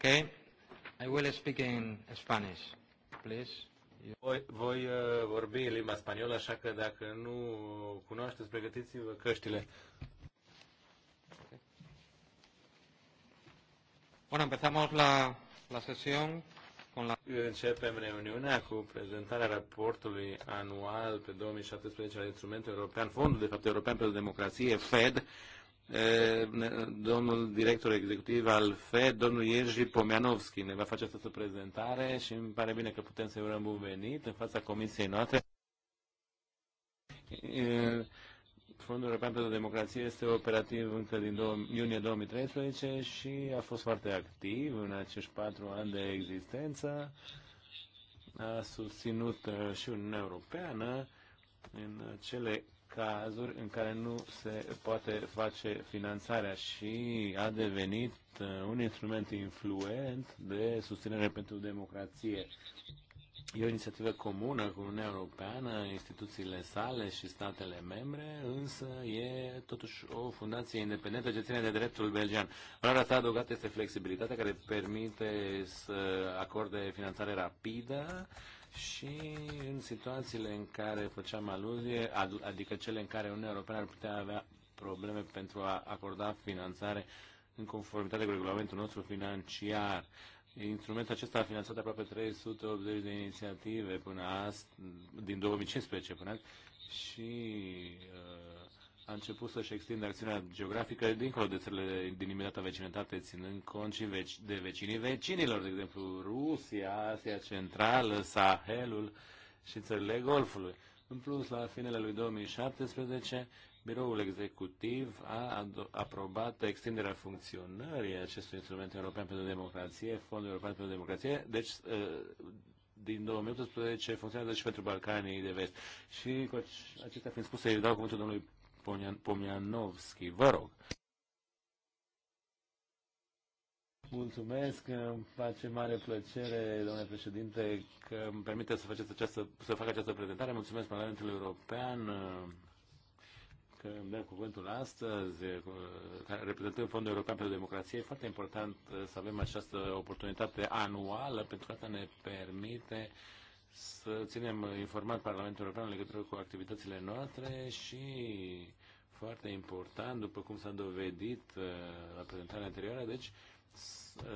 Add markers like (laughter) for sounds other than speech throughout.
Okay? I will speak in Spanish, please. Voi, voi uh, vorbi în limba spaniolă, așa că dacă nu cunoașteți, pregătiți-vă căștile. Bueno, empezamos la, la sesión con la... Începem reuniunea cu prezentarea raportului anual pe 2017 al Instrumentului European, Fondul de fapt European pentru Democrație, FED, domnul director executiv al FED, domnul Ierji Pomianovski, ne va face această prezentare și îmi pare bine că putem să-i urăm bun venit în fața comisiei noastre. Fondul European pentru Democrație este operativ încă din iunie 2013 și a fost foarte activ în acești patru ani de existență. A susținut uh, și Uniunea Europeană în cele cazuri în care nu se poate face finanțarea și a devenit uh, un instrument influent de susținere pentru democrație. E o inițiativă comună cu Uniunea Europeană, instituțiile sale și statele membre, însă e totuși o fundație independentă ce ține de dreptul belgian. Valoarea sa adăugată este flexibilitatea care permite să acorde finanțare rapidă și în situațiile în care făceam aluzie, adică cele în care Uniunea Europeană ar putea avea probleme pentru a acorda finanțare în conformitate cu regulamentul nostru financiar. Instrumentul acesta a finanțat aproape 380 de inițiative până azi, din 2015 până azi, și uh, a început să-și extindă acțiunea geografică dincolo de țările din imediata vecinătate, ținând cont și de vecinii vecinilor, de exemplu Rusia, Asia Centrală, Sahelul și țările Golfului. În plus, la finele lui 2017, biroul executiv a aprobat extinderea funcționării acestui instrument european pentru democrație, Fondul European pentru Democrație, deci ă, din 2018 funcționează și pentru Balcanii de Vest. Și cu acestea fiind spuse, îi dau cuvântul domnului Pomianovski. Vă rog. Mulțumesc, îmi face mare plăcere, domnule președinte, că îmi permite să, faceți această, să fac această prezentare. Mulțumesc parlamentul European că îmi dă cuvântul astăzi, reprezentând Fondul European pentru Democrație. E foarte important să avem această oportunitate anuală pentru că asta ne permite uh, să ținem informat Parlamentul European în legătură cu activitățile noastre și foarte important, după cum s-a dovedit uh, la prezentarea anterioară, deci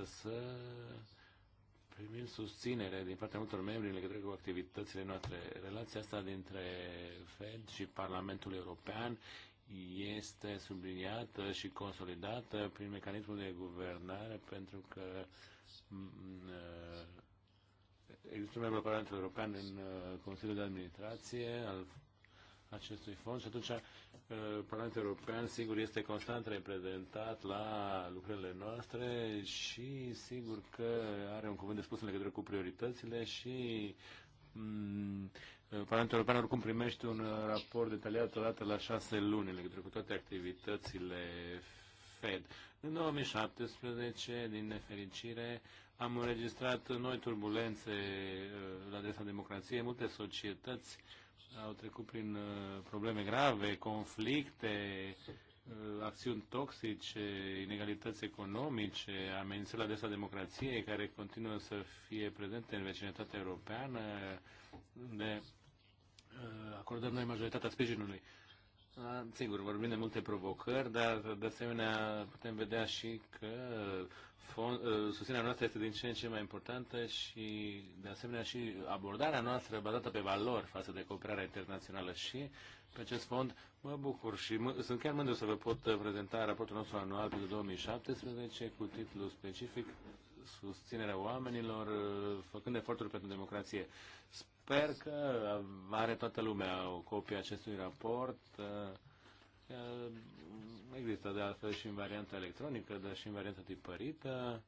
să primim susținere din partea multor membri în legătură cu activitățile noastre. Relația asta dintre Fed și Parlamentul European este subliniată și consolidată prin mecanismul de guvernare pentru că există un membru al Parlamentului European în uh, Consiliul de Administrație al acestui fond și atunci uh, Parlamentul European, sigur, este constant reprezentat la lucrările noastre și sigur că are un cuvânt de spus în legătură cu prioritățile și mm, Parlamentul European oricum primește un uh, raport detaliat odată la șase luni în legătură cu toate activitățile Fed. În 2017, din nefericire, am înregistrat noi turbulențe uh, la adresa democrației. Multe societăți au trecut prin uh, probleme grave, conflicte, uh, acțiuni toxice, inegalități economice, amenințări la adresa democrației care continuă să fie prezente în vecinătatea europeană, unde acordăm noi majoritatea sprijinului sigur, vorbim de multe provocări, dar de asemenea putem vedea și că fond, ă, susținerea noastră este din ce în ce mai importantă și de asemenea și abordarea noastră bazată pe valori față de cooperarea internațională și pe acest fond mă bucur și mă, sunt chiar mândru să vă pot prezenta raportul nostru anual pentru 2017 cu titlul specific susținerea oamenilor, uh, făcând eforturi pentru democrație. Sper că are toată lumea o copie acestui raport. Uh, există de altfel și în varianta electronică, dar și în varianta tipărită.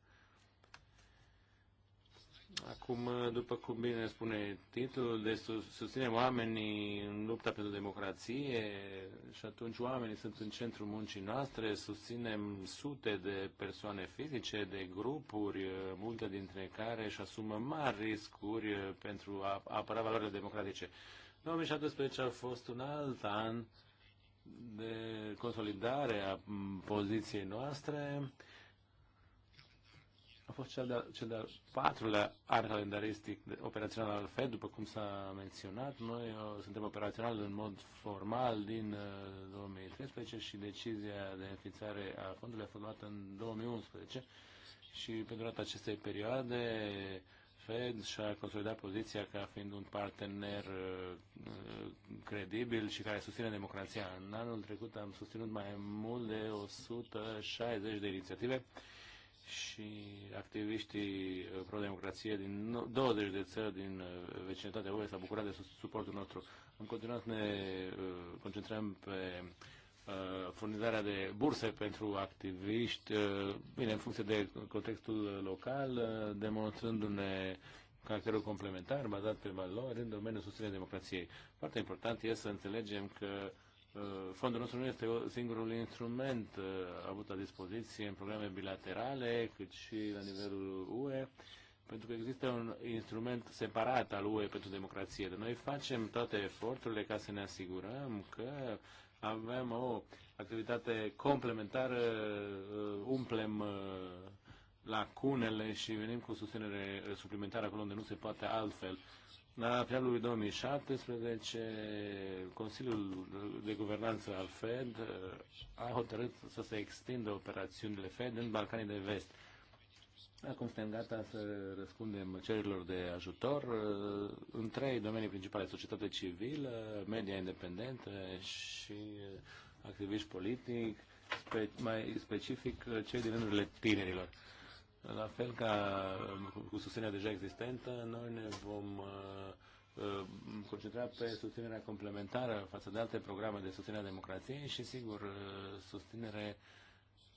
Acum, după cum bine spune titlul, de susținem oamenii în lupta pentru democrație și atunci oamenii sunt în centrul muncii noastre, susținem sute de persoane fizice, de grupuri, multe dintre care își asumă mari riscuri pentru a apăra valorile democratice. 2017 a fost un alt an de consolidare a poziției noastre a fost cel de-al, cel de-al patrulea an calendaristic operațional al FED, după cum s-a menționat. Noi uh, suntem operațional în mod formal din uh, 2013 și decizia de înființare a fondului a fost luată în 2011 și pe durata acestei perioade Fed și-a consolidat poziția ca fiind un partener uh, uh, credibil și care susține democrația. În anul trecut am susținut mai mult de 160 de inițiative și activiștii uh, pro-democrație din 20 de țări din uh, vecinătatea UE s-au bucurat de suportul nostru. În continuare ne uh, concentrăm pe furnizarea de burse pentru activiști, bine, în funcție de contextul local, demonstrându-ne caracterul complementar, bazat pe valori, în domeniul susținerii democrației. Foarte important este să înțelegem că Uh, fondul nostru nu este singurul instrument uh, avut la dispoziție în programe bilaterale, cât și la nivelul UE, pentru că există un instrument separat al UE pentru democrație. Noi facem toate eforturile ca să ne asigurăm că avem o activitate complementară, uh, umplem lacunele și venim cu susținere suplimentară acolo unde nu se poate altfel. La finalul 2017, Consiliul de Guvernanță al Fed uh, a hotărât să se extindă operațiunile Fed în Balcanii de Vest. Acum suntem gata să răspundem cererilor de ajutor uh, în trei domenii principale, societate civilă, media independentă și uh, activiști politic, spe, mai specific cei din rândurile tinerilor. La fel ca uh, cu susținerea deja existentă, noi ne vom uh, uh, concentrat pe susținerea complementară față de alte programe de susținere a democrației și, sigur, susținere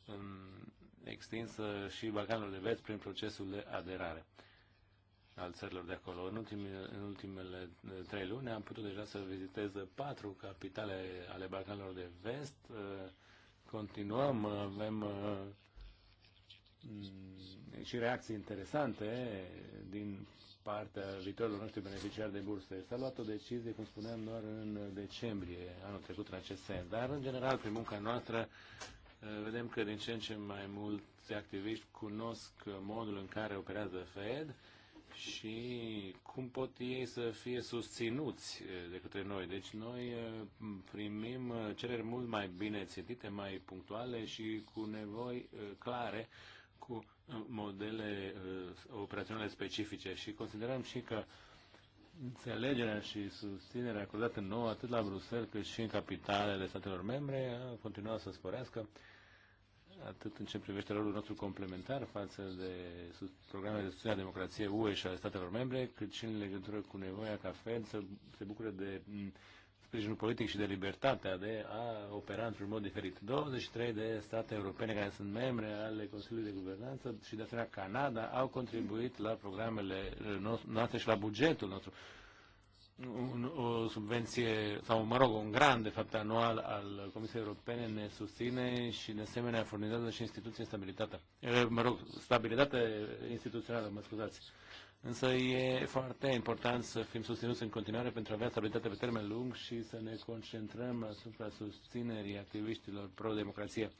um, extinsă și Balcanul de Vest prin procesul de aderare al țărilor de acolo. În ultimele, în ultimele trei luni am putut deja să vizitez patru capitale ale Balcanilor de Vest. Continuăm, avem și reacții interesante din partea viitorilor noștri beneficiari de burse. S-a luat o decizie, cum spuneam, doar în decembrie anul trecut în acest sens. Dar, în general, prin munca noastră, eh, vedem că din ce în ce mai mulți activiști cunosc modul în care operează Fed și cum pot ei să fie susținuți eh, de către noi. Deci noi eh, primim cereri mult mai bine țintite, mai punctuale și cu nevoi clare cu uh, modele uh, operaționale specifice și considerăm și că înțelegerea și susținerea acordată nouă atât la Bruxelles cât și în capitalele statelor membre a continuat să sporească atât în ce privește rolul nostru complementar față de programele de susținere a democrației UE și ale statelor membre, cât și în legătură cu nevoia ca Fed să se bucure de sprijinul politic și de libertatea de a opera într-un mod diferit. 23 de state europene care sunt membre ale Consiliului de Guvernanță și de asemenea Canada au contribuit la programele noastre și la bugetul nostru. Un, o subvenție, sau mă rog, un grand de fapt anual al Comisiei Europene ne susține și de asemenea furnizează și instituții stabilitate. Eh, mă rog, stabilitate instituțională, mă scuzați. Însă e foarte important să fim susținuți în continuare pentru a avea stabilitate pe termen lung și să ne concentrăm asupra susținerii activiștilor pro-democrație.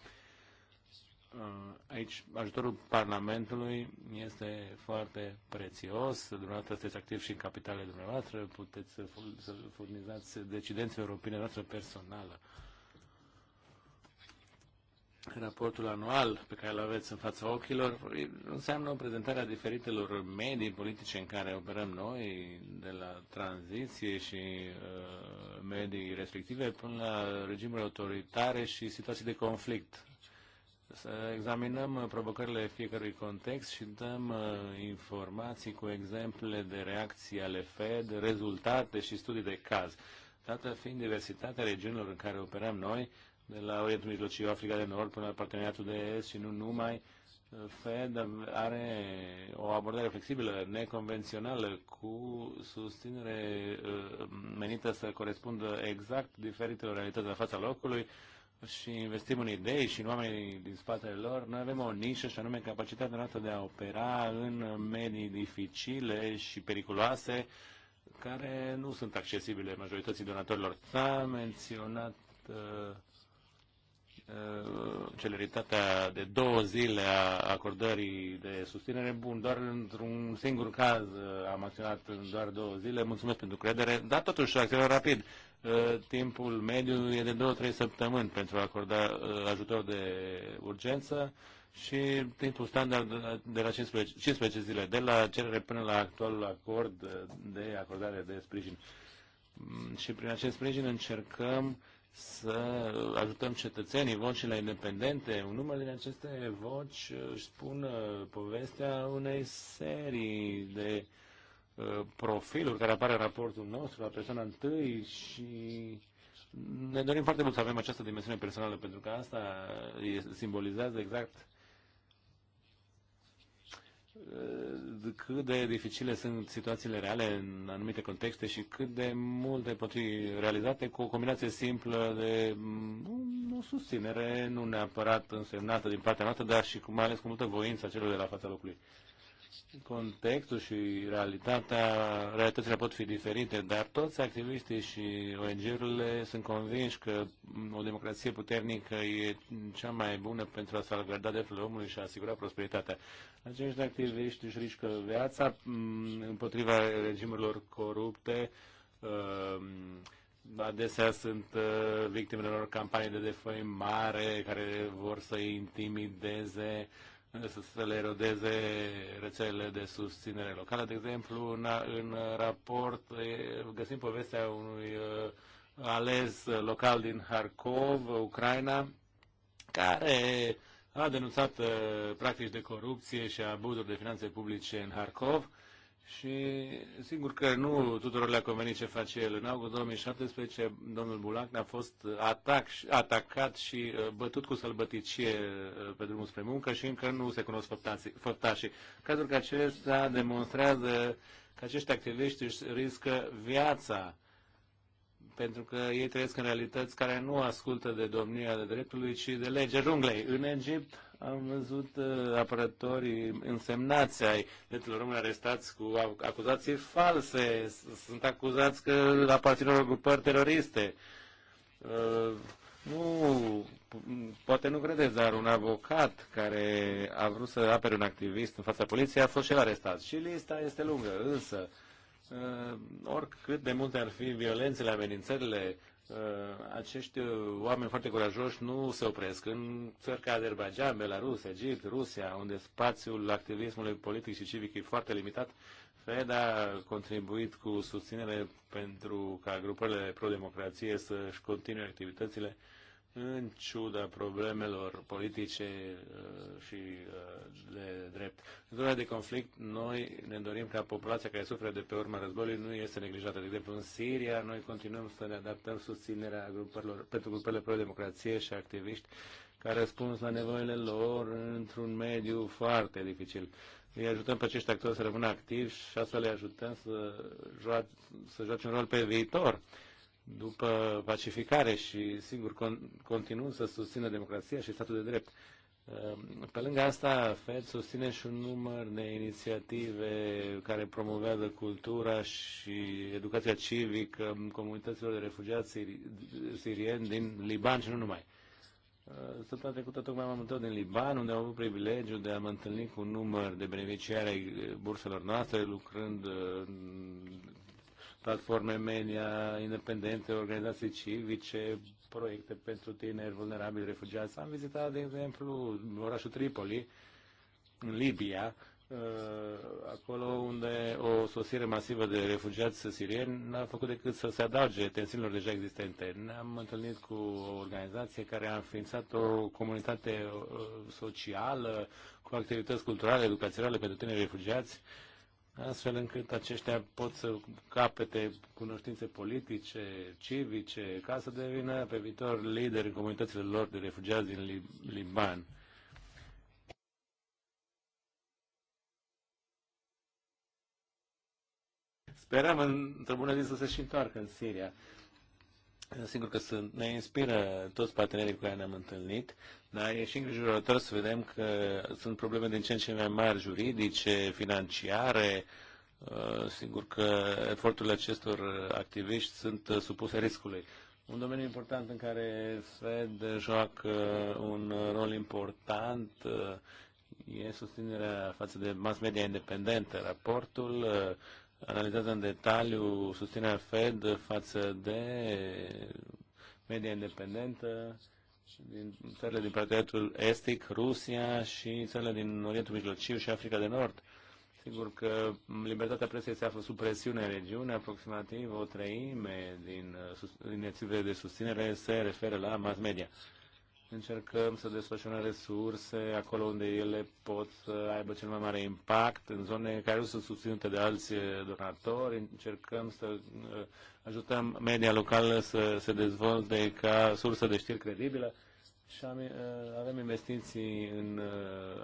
Uh, aici ajutorul Parlamentului este foarte prețios. Dumneavoastră sunteți activ și în capitale dumneavoastră. Puteți să furnizați decidenții europene noastră personală raportul anual pe care îl aveți în fața ochilor înseamnă o prezentare a diferitelor medii politice în care operăm noi, de la tranziție și uh, medii restrictive până la regimuri autoritare și situații de conflict. Să examinăm uh, provocările fiecărui context și dăm uh, informații cu exemple de reacții ale Fed, rezultate și studii de caz. Dată fiind diversitatea regiunilor în care operăm noi, de la Orientul Mijlociu, Africa de Nord, până la parteneriatul de Est și nu numai, Fed are o abordare flexibilă, neconvențională, cu susținere uh, menită să corespundă exact diferitelor realități la fața locului și investim în idei și în oamenii din spatele lor. Noi avem o nișă și anume capacitatea noastră de a opera în medii dificile și periculoase care nu sunt accesibile majorității donatorilor. S-a menționat uh, celeritatea de două zile a acordării de susținere. Bun, doar într-un singur caz uh, am acționat în doar două zile. Mulțumesc pentru credere, dar totuși acționăm rapid. Uh, timpul mediu e de două-trei săptămâni pentru a acorda uh, ajutor de urgență și timpul standard de la 15, 15 zile, de la cerere până la actualul acord de acordare de sprijin. Mm, și prin acest sprijin încercăm să ajutăm cetățenii, vocile independente. Un număr din aceste voci uh, își spun uh, povestea unei serii de uh, profiluri care apare în raportul nostru la persoana întâi și ne dorim foarte mult să avem această dimensiune personală pentru că asta simbolizează exact cât de dificile sunt situațiile reale în anumite contexte și cât de multe pot fi realizate cu o combinație simplă de mm, o susținere, nu neapărat însemnată din partea noastră, dar și cu, mai ales cu multă voință celor de la fața locului contextul și realitatea, realitățile pot fi diferite, dar toți activiștii și ONG-urile sunt convinși că o democrație puternică e cea mai bună pentru a salvaguarda drepturile omului și a asigura prosperitatea. Acești activiști își riscă viața mm, împotriva regimurilor corupte, uh, adesea sunt uh, victimele unor campanii de defăimare care vor să-i intimideze, să se le erodeze rețelele de susținere locală. De exemplu, în, în raport găsim povestea unui ales local din Harkov, Ucraina, care a denunțat practici de corupție și abuzuri de finanțe publice în Harkov și sigur că nu tuturor le-a convenit ce face el. În august 2017, domnul Bulac a fost atac, atacat și uh, bătut cu sălbăticie uh, pe drumul spre muncă și încă nu se cunosc făptașii. Cazul că acesta demonstrează că acești activiști își riscă viața pentru că ei trăiesc în realități care nu ascultă de domnia de dreptului, ci de legea junglei. În Egipt, am văzut uh, apărătorii însemnați ai drepturilor omului arestați cu acuzații false. Sunt acuzați că aparțin unor grupări teroriste. Uh, nu, poate nu credeți, dar un avocat care a vrut să apere un activist în fața poliției a fost și el arestat. Și lista este lungă, însă uh, oricât de multe ar fi violențele, amenințările Uh, acești uh, oameni foarte curajoși nu se opresc. În țări ca Azerbaijan, Belarus, Egipt, Rusia, unde spațiul activismului politic și civic e foarte limitat, Fed a contribuit cu susținere pentru ca grupările pro-democrație să-și continue activitățile în ciuda problemelor politice uh, și uh, de drept. În zona de conflict, noi ne dorim ca populația care suferă de pe urma războiului nu este neglijată. De exemplu, în Siria, noi continuăm să ne adaptăm susținerea grupărilor, pentru grupele pro-democrație și activiști care răspuns la nevoile lor într-un mediu foarte dificil. Îi ajutăm pe acești actori să rămână activi și astfel le ajutăm să, joa- să joace un rol pe viitor după pacificare și, sigur, con- continuând să susțină democrația și statul de drept. Ehm, pe lângă asta, FED susține și un număr de inițiative care promovează cultura și educația civică comunităților de refugiați sirieni din Liban și nu numai. Ehm, săptămâna trecută tocmai m-am întors din Liban, unde am avut privilegiul de a mă întâlni cu un număr de beneficiari ai burselor noastre, lucrând ehm, platforme media independente, organizații civice, proiecte pentru tineri vulnerabili, refugiați. Am vizitat, de exemplu, orașul Tripoli, în Libia, uh, acolo unde o sosire masivă de refugiați sirieni n-a făcut decât să se adauge tensiunilor deja existente. Ne-am întâlnit cu o organizație care a înființat o comunitate uh, socială cu activități culturale, educaționale pentru tineri refugiați astfel încât aceștia pot să capete cunoștințe politice, civice, ca să devină pe viitor lideri în comunitățile lor de refugiați din Liban. Sperăm într-o bună zi să se și întoarcă în Siria. Sigur că sunt, ne inspiră toți partenerii cu care ne-am întâlnit, dar e și îngrijorător să vedem că sunt probleme din ce în ce mai mari juridice, financiare. Uh, sigur că eforturile acestor activiști sunt uh, supuse riscului. Un domeniu important în care SFED joacă un rol important uh, e susținerea față de mass media independentă. Raportul analizează în detaliu susținerea Fed față de media independentă din țările din parteneriatul estic, Rusia și țările din Orientul Mijlociu și Africa de Nord. Sigur că libertatea presiei se află sub presiune în regiune, aproximativ o treime din inițiativele de susținere se referă la mass media încercăm să desfășurăm resurse acolo unde ele pot să aibă cel mai mare impact, în zone care nu sunt susținute de alți eh, donatori, încercăm să eh, ajutăm media locală să se dezvolte ca sursă de știri credibilă și am, eh, avem investiții în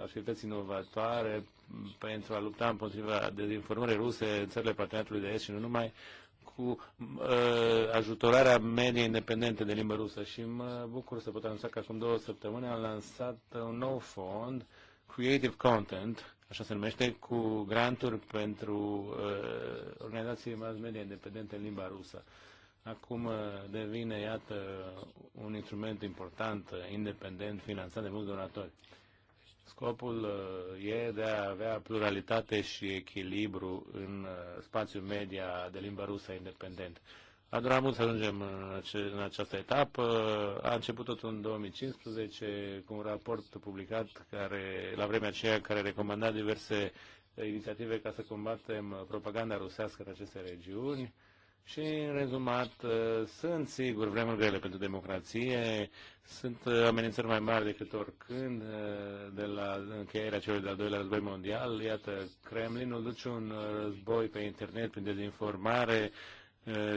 activități inovatoare pentru a lupta împotriva dezinformării ruse în țările parteneriatului de est și nu numai, cu uh, ajutorarea mediei independente de limbă rusă și mă bucur să pot anunța că acum două săptămâni am lansat un nou fond, Creative Content, așa se numește, cu granturi pentru uh, organizații mass media independente în limba rusă. Acum uh, devine, iată, un instrument important, uh, independent, finanțat de mulți donatori. Scopul uh, e de a avea pluralitate și echilibru în uh, spațiul media de limba rusă independent. A durat mult să ajungem în această etapă. A început tot în 2015 cu un raport publicat care, la vremea aceea care recomanda diverse uh, inițiative ca să combatem propaganda rusească în aceste regiuni. Și, în rezumat, uh, sunt sigur vremuri grele pentru democrație, sunt uh, amenințări mai mari decât oricând uh, de la încheierea celui de-al doilea război mondial. Iată, Kremlinul duce un război pe internet prin dezinformare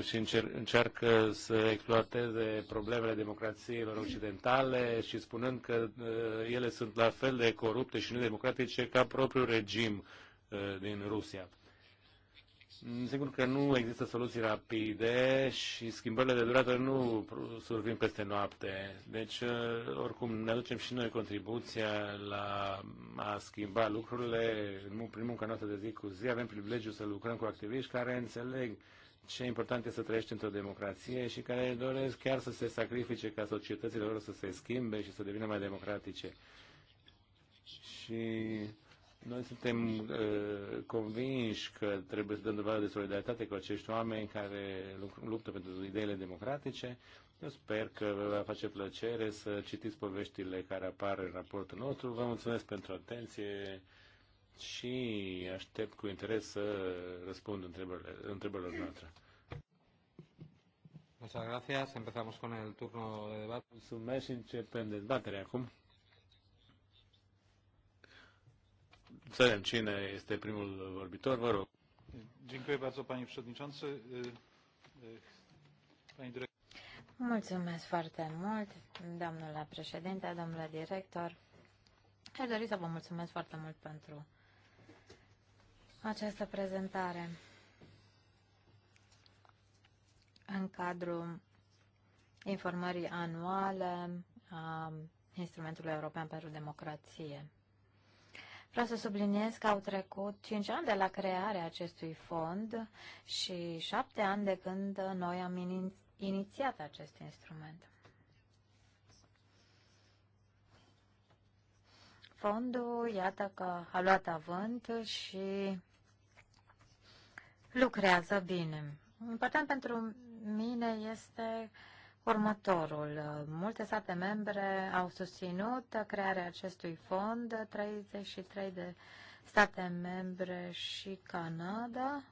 și încearcă să exploateze problemele democrațiilor occidentale și spunând că ele sunt la fel de corupte și nedemocratice ca propriul regim din Rusia. Sigur că nu există soluții rapide și schimbările de durată nu survin peste noapte. Deci, uh, oricum, ne aducem și noi contribuția la a schimba lucrurile În primul munca noastră de zi cu zi. Avem privilegiul să lucrăm cu activiști care înțeleg ce important este să trăiești într-o democrație și care doresc chiar să se sacrifice ca societățile lor să se schimbe și să devină mai democratice. Și noi suntem uh, convinși că trebuie să dăm dovadă de solidaritate cu acești oameni care luptă pentru ideile democratice. Eu sper că vă va face plăcere să citiți poveștile care apar în raportul nostru. Vă mulțumesc pentru atenție și aștept cu interes să răspund întrebărilor noastre. Muchas gracias. Empezamos con el turno de debate. Mulțumesc și începem dezbaterea acum. Înțelegem cine este primul vorbitor, vă rog. Mulțumesc foarte mult, domnule președinte, domnule director. Aș dori să vă mulțumesc foarte mult pentru această prezentare în cadrul informării anuale a Instrumentului European pentru Democrație. Vreau să subliniez că au trecut 5 ani de la crearea acestui fond și 7 ani de când noi am inițiat acest instrument. Fondul, iată că a luat avânt și lucrează bine. Important pentru mine este uh, Următorul. Multe state membre au susținut crearea acestui fond, 33 de state membre și Canada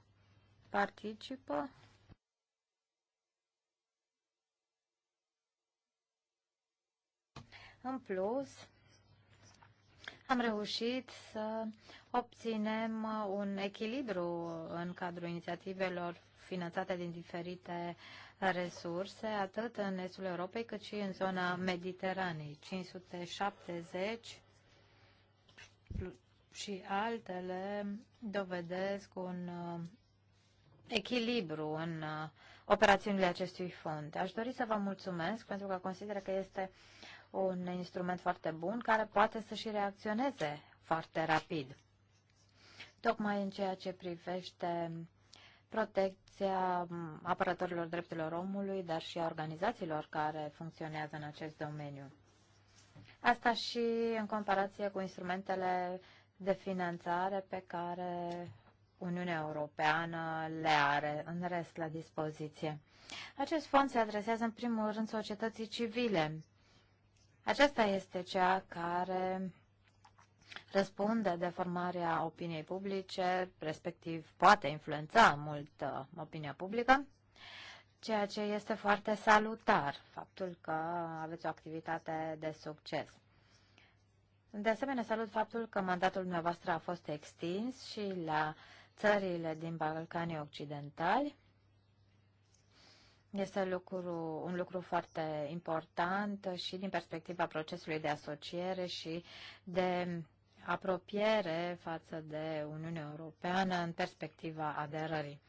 participă. În plus, am reușit să obținem un echilibru în cadrul inițiativelor finanțate din diferite uh, resurse, atât în estul Europei, cât și în zona Mediteranei. 570 și altele dovedesc un uh, echilibru în uh, operațiunile acestui fond. Aș dori să vă mulțumesc pentru că consider că este un instrument foarte bun care poate să și reacționeze foarte rapid. Tocmai în ceea ce privește protecția apărătorilor drepturilor omului, dar și a organizațiilor care funcționează în acest domeniu. Asta și în comparație cu instrumentele de finanțare pe care Uniunea Europeană le are în rest la dispoziție. Acest fond se adresează în primul rând societății civile. Aceasta este cea care răspunde de formarea opiniei publice, respectiv poate influența mult uh, opinia publică, ceea ce este foarte salutar, faptul că aveți o activitate de succes. De asemenea, salut faptul că mandatul dumneavoastră a fost extins și la țările din Balcanii Occidentali. Este lucru, un lucru foarte important și din perspectiva procesului de asociere și de apropiere față de Uniunea Europeană în perspectiva aderării.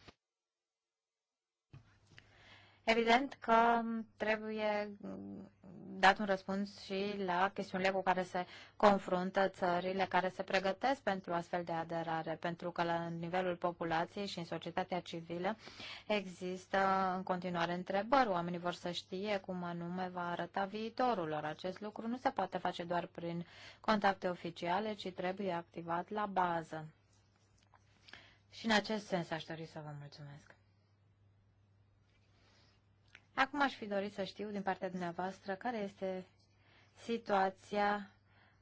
Evident că trebuie dat un răspuns și la chestiunile cu care se confruntă țările care se pregătesc pentru astfel de aderare, pentru că la nivelul populației și în societatea civilă există în continuare întrebări. Oamenii vor să știe cum anume va arăta viitorul lor. Acest lucru nu se poate face doar prin contacte oficiale, ci trebuie activat la bază. Și în acest sens aș dori să vă mulțumesc. Acum aș fi dorit să știu din partea dumneavoastră care este situația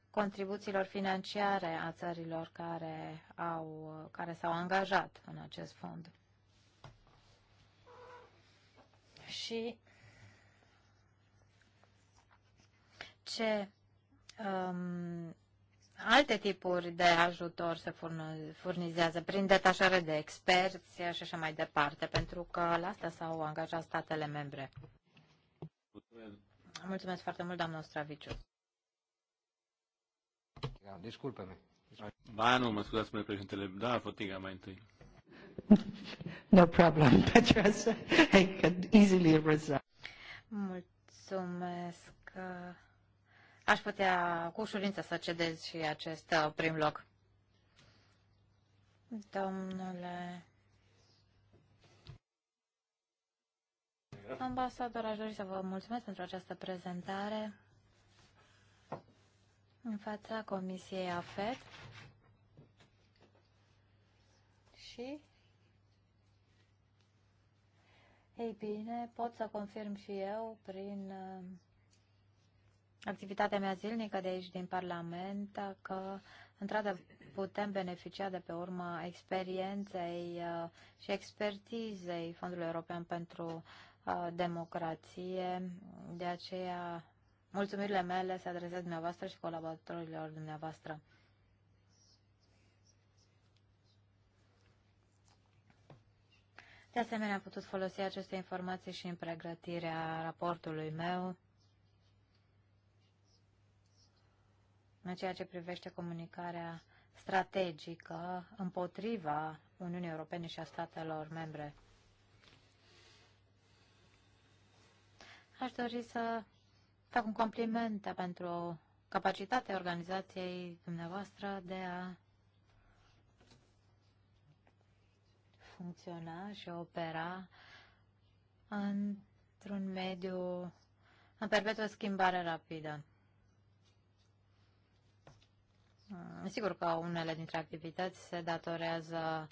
contribuțiilor financiare a țărilor care, au, care s-au angajat în acest fond. Și ce um, alte tipuri de ajutor se furnizează prin detașare de experți și așa mai departe, pentru că la asta s-au angajat statele membre. Mulțumesc, Mulțumesc foarte mult, doamna Ostraviciu. Da, disculpe mi Ba nu, mă scuzați, mă președintele. Da, fotiga mai întâi. No problem, Petrus. (laughs) I could easily resolve. Mulțumesc. Uh, aș putea cu ușurință să cedez și acest uh, prim loc. Domnule ambasador, aș dori să vă mulțumesc pentru această prezentare în fața Comisiei AFET și ei bine, pot să confirm și eu prin uh, activitatea mea zilnică de aici din Parlament că, într-adevăr, putem beneficia de pe urma experienței uh, și expertizei Fondului European pentru uh, Democrație. De aceea, mulțumirile mele se adresează dumneavoastră și colaboratorilor dumneavoastră. De asemenea, am putut folosi aceste informații și în pregătirea raportului meu. în ceea ce privește comunicarea strategică împotriva Uniunii Europene și a statelor membre. Aș dori să fac un compliment pentru capacitatea organizației dumneavoastră de a funcționa și opera într-un mediu în perpetuă schimbare rapidă. Ah, sigur că unele dintre activități se datorează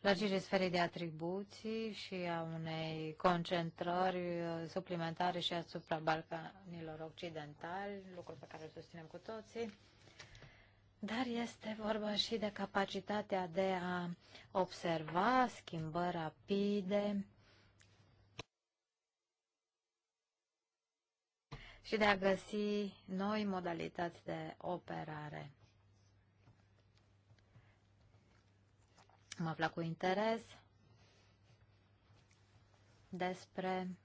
lărgirii sferei de atribuții și a unei concentrări uh, suplimentare și asupra Balcanilor Occidentali, lucruri pe care îl susținem cu toții. Dar este vorba și de capacitatea de a observa schimbări rapide și de a găsi noi modalități de operare. am aflat cu interes despre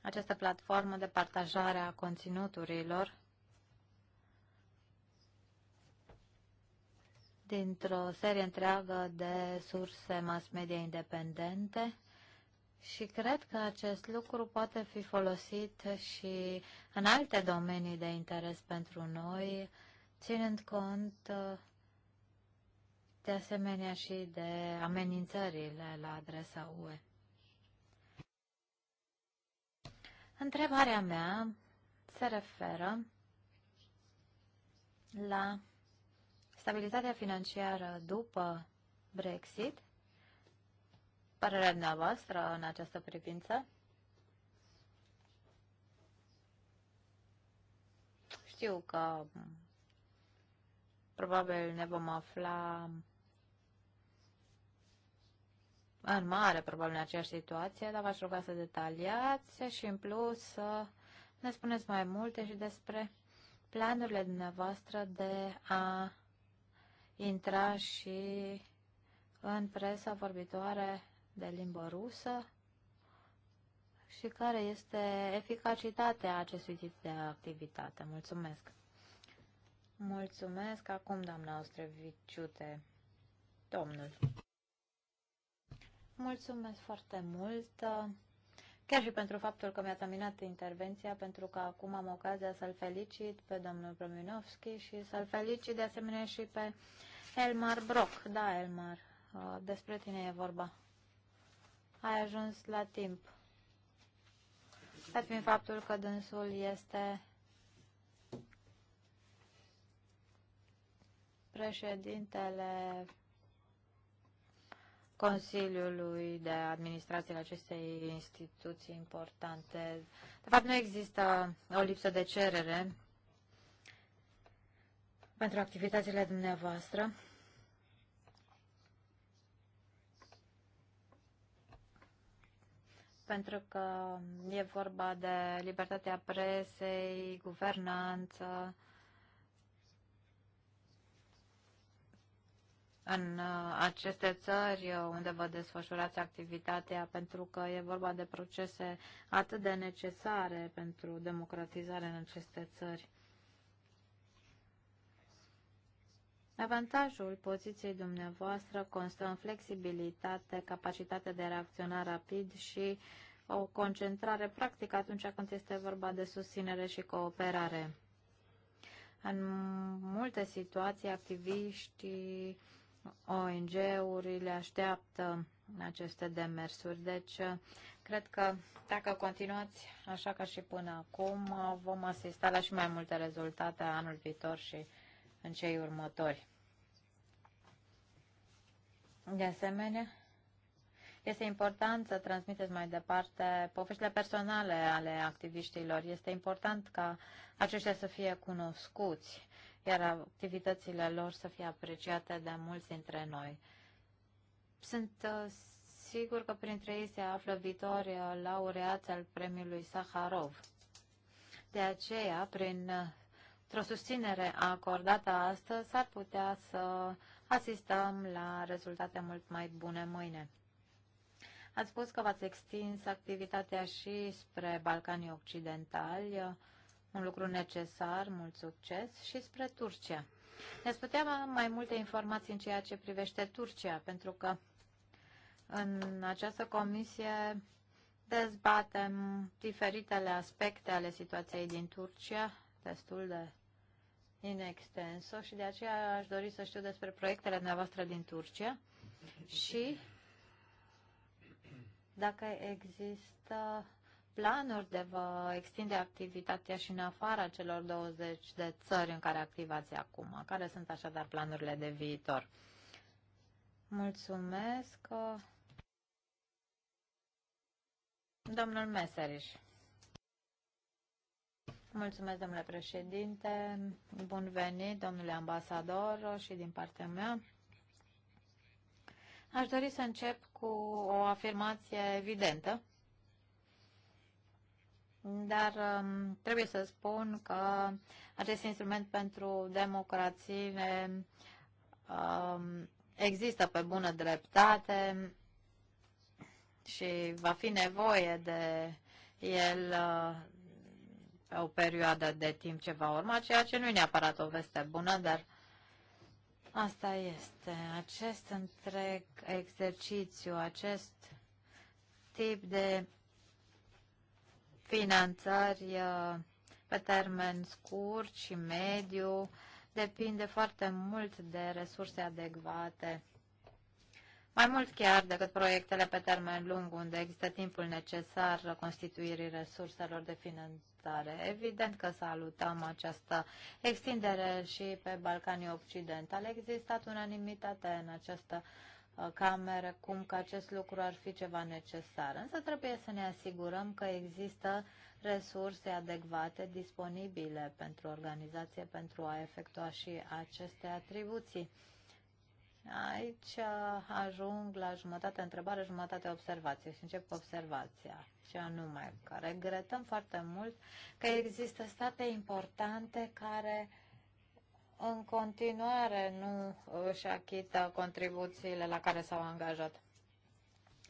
această platformă de partajare a conținuturilor dintr-o serie întreagă de surse mass media independente și cred că acest lucru poate fi folosit și în alte domenii de interes pentru noi, ținând cont uh, de asemenea și de amenințările la adresa UE. Întrebarea mea se referă la stabilitatea financiară după Brexit. Părerea dumneavoastră în această privință? Știu că probabil ne vom afla în mare, probabil, în aceeași situație, dar v-aș ruga să detaliați și, în plus, să ne spuneți mai multe și despre planurile dumneavoastră de a intra și în presa vorbitoare de limbă rusă și care este eficacitatea acestui tip de activitate. Mulțumesc! Mulțumesc acum, doamna Ostreviciute, domnul. Mulțumesc foarte mult, uh, chiar și pentru faptul că mi-a terminat intervenția, pentru că acum am ocazia să-l felicit pe domnul Prominovski și să-l felicit de asemenea și pe Elmar Brock. Da, Elmar, uh, despre tine e vorba. Ai ajuns la timp. Dat fiind faptul că dânsul este președintele Consiliului de Administrație al acestei instituții importante. De fapt, nu există o lipsă de cerere pentru activitățile dumneavoastră. pentru că e vorba de libertatea presei, guvernanță, în uh, aceste țări uh, unde vă desfășurați activitatea, pentru că e vorba de procese atât de necesare pentru democratizare în aceste țări. Avantajul poziției dumneavoastră constă în flexibilitate, capacitate de a reacționa rapid și o concentrare practică atunci când este vorba de susținere și cooperare. În multe situații, activiștii ONG-urile așteaptă aceste demersuri. Deci, cred că dacă continuați așa ca și până acum, vom asista la și mai multe rezultate anul viitor și în cei următori. De asemenea, este important să transmiteți mai departe poveștile personale ale activiștilor. Este important ca aceștia să fie cunoscuți iar activitățile lor să fie apreciate de mulți dintre noi. Sunt uh, sigur că printre ei se află viitori uh, laureați al premiului Saharov. De aceea, prin uh, o susținere acordată astăzi, s-ar putea să asistăm la rezultate mult mai bune mâine. Ați spus că v-ați extins activitatea și spre Balcanii Occidentali un lucru necesar, mult succes, și spre Turcia. Ne putea da mai multe informații în ceea ce privește Turcia, pentru că în această comisie dezbatem diferitele aspecte ale situației din Turcia, destul de inextenso, extenso și de aceea aș dori să știu despre proiectele dumneavoastră din Turcia și dacă există planuri de vă extinde activitatea și în afara celor 20 de țări în care activați acum? Care sunt așadar planurile de viitor? Mulțumesc. Domnul Meseriș. Mulțumesc, domnule președinte. Bun venit, domnule ambasador și din partea mea. Aș dori să încep cu o afirmație evidentă dar um, trebuie să spun că acest instrument pentru democrație um, există pe bună dreptate și va fi nevoie de el uh, pe o perioadă de timp ce va urma, ceea ce nu e neapărat o veste bună, dar asta este. Acest întreg exercițiu, acest tip de finanțări uh, pe termen scurt și mediu depinde foarte mult de resurse adecvate. Mai mult chiar decât proiectele pe termen lung, unde există timpul necesar constituirii resurselor de finanțare. Evident că salutăm această extindere și pe Balcanii Occidentali. Există unanimitate în această Uh, camere, cum că acest lucru ar fi ceva necesar. Însă trebuie să ne asigurăm că există resurse adecvate disponibile pentru organizație pentru a efectua și aceste atribuții. Aici uh, ajung la jumătate întrebare, jumătate observație și încep cu observația. Și anume, că regretăm foarte mult că există state importante care uh, în continuare nu își achită contribuțiile la care s-au angajat.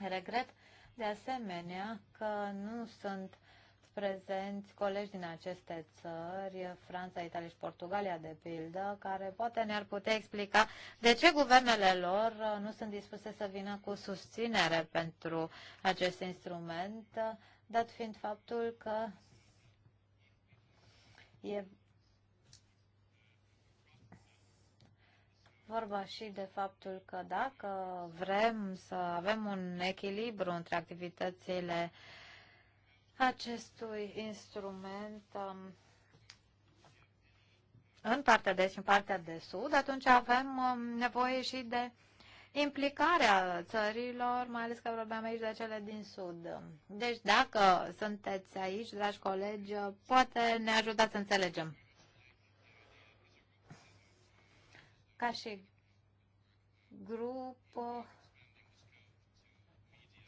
Regret de asemenea că nu sunt prezenți colegi din aceste țări, Franța, Italia și Portugalia, de pildă, care poate ne-ar putea explica de ce guvernele lor nu sunt dispuse să vină cu susținere pentru acest instrument, dat fiind faptul că e vorba și de faptul că dacă vrem să avem un echilibru între activitățile acestui instrument um, în partea de și în partea de sud, atunci avem um, nevoie și de implicarea țărilor, mai ales că vorbeam aici de cele din sud. Deci dacă sunteți aici, dragi colegi, poate ne ajutați să înțelegem. Ca și grup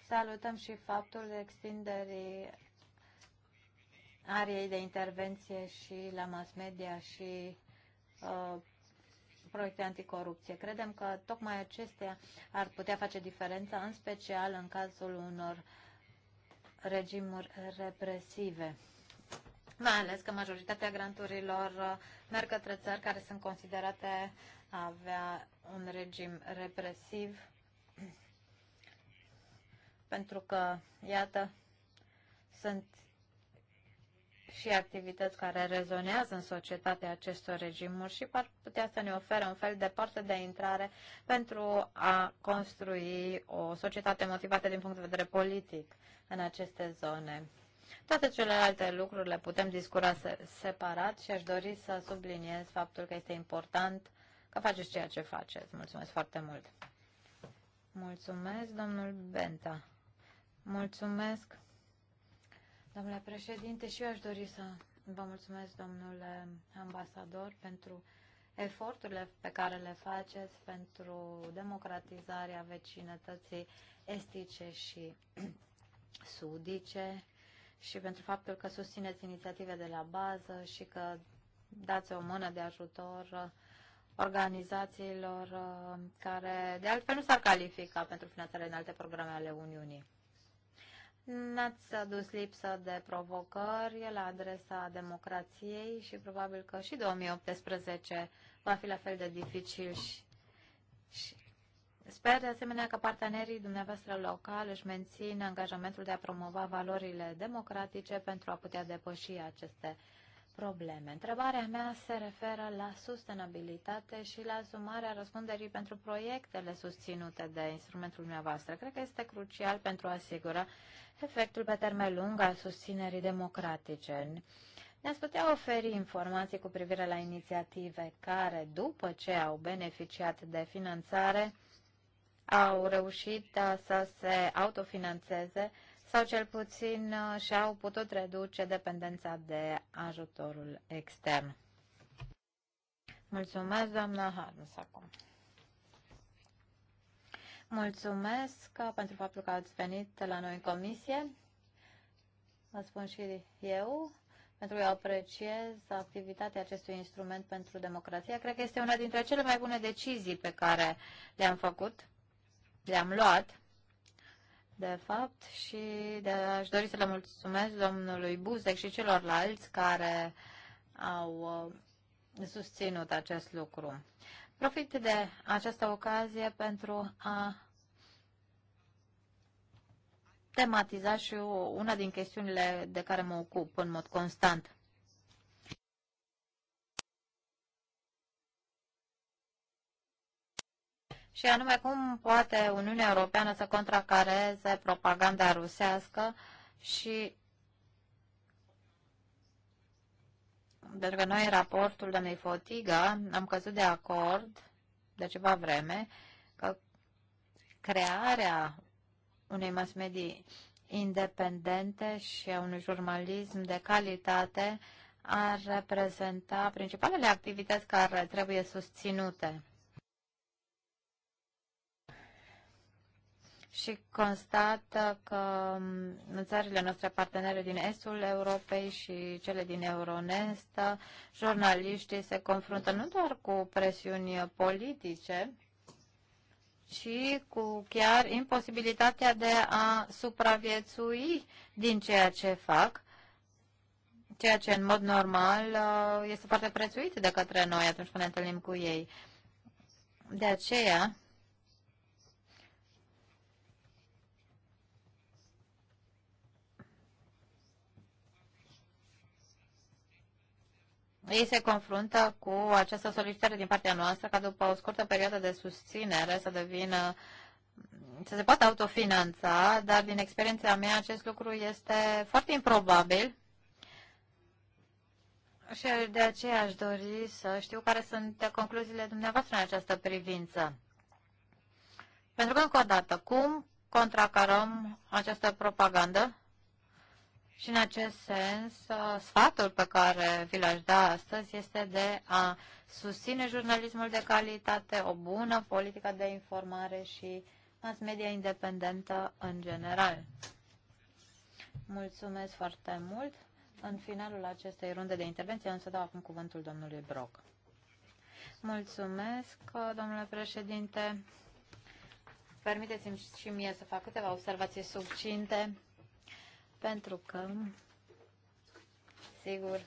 salutăm și faptul extinderii ariei de intervenție și la mass media și uh, proiecte anticorupție. Credem că tocmai acestea ar putea face diferența, în special în cazul unor regimuri represive. Mai ales că majoritatea granturilor uh, merg către țări care sunt considerate a avea un regim represiv, pentru că, iată, sunt și activități care rezonează în societatea acestor regimuri și par putea să ne ofere un fel de parte de intrare pentru a construi o societate motivată din punct de vedere politic în aceste zone. Toate celelalte lucruri le putem discura separat și aș dori să subliniez faptul că este important că faceți ceea ce faceți. Mulțumesc foarte mult! Mulțumesc, domnul Benta! Mulțumesc, domnule președinte, și eu aș dori să vă mulțumesc, domnule ambasador, pentru eforturile pe care le faceți pentru democratizarea vecinătății estice și (clears throat) sudice și pentru faptul că susțineți inițiative de la bază și că dați o mână de ajutor organizațiilor uh, care de altfel nu s-ar califica pentru finanțare în alte programe ale Uniunii. N-ați adus lipsă de provocări la adresa democrației și probabil că și 2018 va fi la fel de dificil și, și Sper de asemenea că partenerii dumneavoastră local își mențin angajamentul de a promova valorile democratice pentru a putea depăși aceste probleme. Întrebarea mea se referă la sustenabilitate și la asumarea răspunderii pentru proiectele susținute de instrumentul dumneavoastră. Cred că este crucial pentru a asigura efectul pe termen lung al susținerii democratice. Ne-ați putea oferi informații cu privire la inițiative care, după ce au beneficiat de finanțare, au reușit să se autofinanțeze sau cel puțin uh, și-au putut reduce dependența de ajutorul extern. Mulțumesc, doamna Harms, acum. Mulțumesc uh, pentru faptul că ați venit la noi în comisie. Vă spun și eu, pentru că apreciez activitatea acestui instrument pentru democrație. Cred că este una dintre cele mai bune decizii pe care le-am făcut, le-am luat de fapt, și de aș dori să le mulțumesc domnului Buzek și celorlalți care au uh, susținut acest lucru. Profit de această ocazie pentru a tematiza și una din chestiunile de care mă ocup în mod constant. și anume cum poate Uniunea Europeană să contracareze propaganda rusească și pentru că noi în raportul doamnei Fotiga am căzut de acord de ceva vreme că crearea unei mass media independente și a unui jurnalism de calitate ar reprezenta principalele activități care trebuie susținute. și constată că în mm, țările noastre partenere din estul Europei și cele din Euronest, jurnaliștii se confruntă nu doar cu presiuni politice, ci cu chiar imposibilitatea de a supraviețui din ceea ce fac, ceea ce în mod normal uh, este foarte prețuit de către noi atunci când ne întâlnim cu ei. De aceea, ei se confruntă cu această solicitare din partea noastră ca după o scurtă perioadă de susținere să devină să se poată autofinanța, dar din experiența mea acest lucru este foarte improbabil și de aceea aș dori să știu care sunt concluziile dumneavoastră în această privință. Pentru că, încă o dată, cum contracarăm această propagandă și în acest sens, uh, sfatul pe care vi l-aș da astăzi este de a susține jurnalismul de calitate, o bună politică de informare și mass media independentă în general. Mulțumesc foarte mult. În finalul acestei runde de intervenție, însă dau acum cuvântul domnului Brock. Mulțumesc, uh, domnule președinte. Permiteți-mi și mie să fac câteva observații subcinte pentru că, sigur,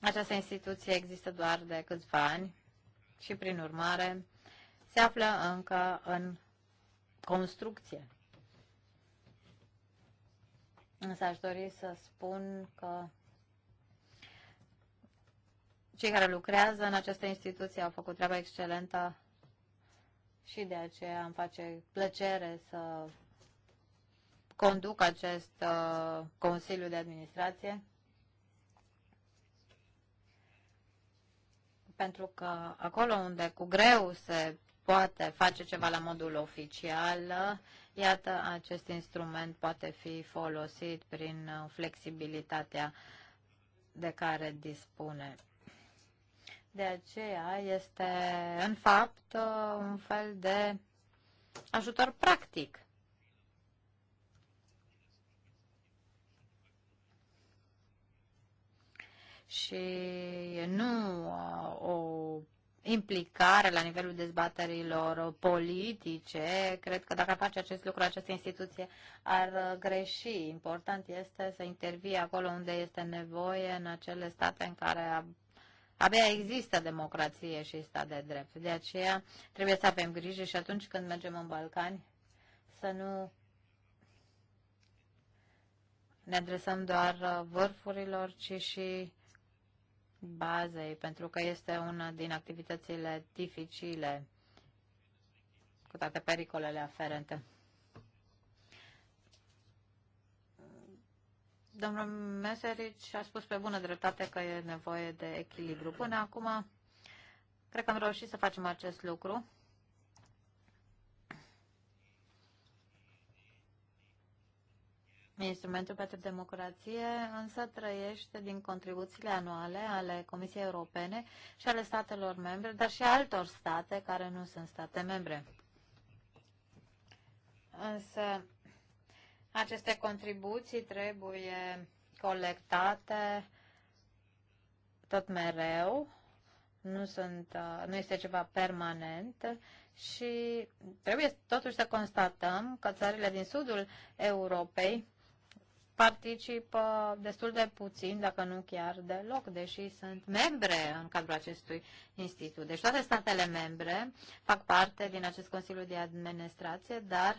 această instituție există doar de câțiva ani și, prin urmare, se află încă în construcție. Însă aș dori să spun că cei care lucrează în această instituție au făcut treaba excelentă și de aceea îmi face plăcere să conduc acest uh, Consiliu de Administrație? Pentru că acolo unde cu greu se poate face ceva la modul oficial, iată, acest instrument poate fi folosit prin uh, flexibilitatea de care dispune. De aceea este, în fapt, uh, un fel de ajutor practic și nu o implicare la nivelul dezbaterilor politice. Cred că dacă ar face acest lucru, această instituție ar greși. Important este să intervii acolo unde este nevoie, în acele state în care abia există democrație și stat de drept. De aceea trebuie să avem grijă și atunci când mergem în Balcani să nu ne adresăm doar vârfurilor, ci și bazei, pentru că este una din activitățile dificile cu toate pericolele aferente. Domnul Meserici a spus pe bună dreptate că e nevoie de echilibru. Până acum, cred că am reușit să facem acest lucru. Instrumentul pentru democrație însă trăiește din contribuțiile anuale ale Comisiei Europene și ale statelor membre, dar și altor state care nu sunt state membre. Însă aceste contribuții trebuie colectate tot mereu, nu, sunt, uh, nu este ceva permanent și trebuie totuși să constatăm că țările din sudul Europei participă destul de puțin, dacă nu chiar deloc, deși sunt membre în cadrul acestui institut. Deci toate statele membre fac parte din acest Consiliu de Administrație, dar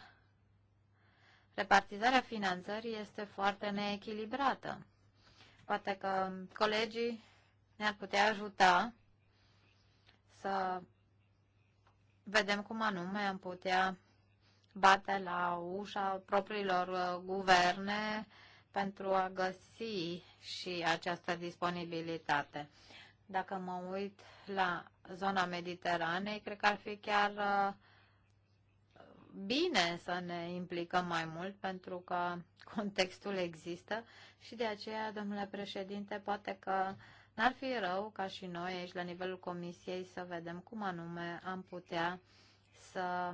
repartizarea finanțării este foarte neechilibrată. Poate că colegii ne-ar putea ajuta să vedem cum anume am putea bate la ușa propriilor guverne pentru a găsi și această disponibilitate. Dacă mă uit la zona Mediteranei, cred că ar fi chiar uh, bine să ne implicăm mai mult pentru că (laughs) contextul există și de aceea, domnule președinte, poate că n-ar fi rău ca și noi aici la nivelul comisiei să vedem cum anume am putea să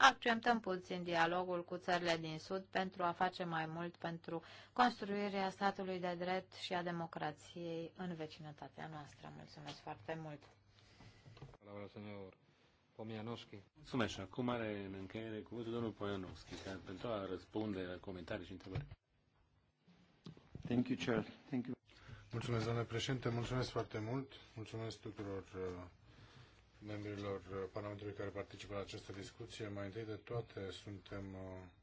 Accentăm puțin dialogul cu țările din Sud pentru a face mai mult pentru construirea statului de drept și a democrației în vecinătatea noastră. Mulțumesc foarte mult! Mulțumesc și acum are în încheiere cuvântul domnul Poianovski pentru a răspunde la comentarii și întrebări. Thank you, Chair. Thank you. Mulțumesc, doamne președinte, mulțumesc foarte mult, mulțumesc tuturor uh, membrilor Parlamentului care participă la această discuție. Mai întâi de toate suntem uh,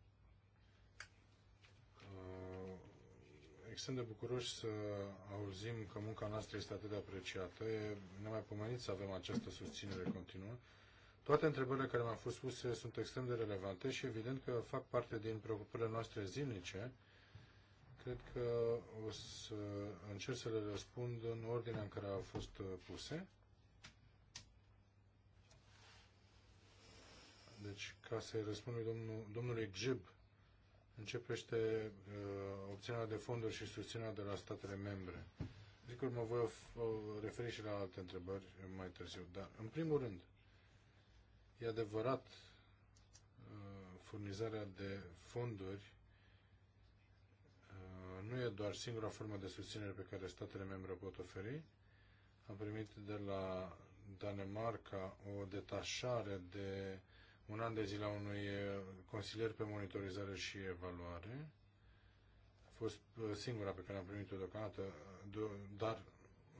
extrem de bucuroși să auzim că munca noastră este atât de apreciată. E nemaipomenit să avem această susținere continuă. Toate întrebările care mi-au fost puse sunt extrem de relevante și evident că fac parte din preocupările noastre zilnice. Cred că o să încerc să le răspund în ordinea în care au fost uh, puse. Deci, ca să-i răspund domnul, domnului Gib, începește uh, obținerea de fonduri și susținerea de la statele membre. Sigur, mă voi referi și la alte întrebări mai târziu, dar, în primul rând, e adevărat uh, furnizarea de fonduri uh, nu e doar singura formă de susținere pe care statele membre o pot oferi. Am primit de la Danemarca o detașare de un an de zile a unui uh, consilier pe monitorizare și evaluare. A fost uh, singura pe care am primit-o deocamdată, dar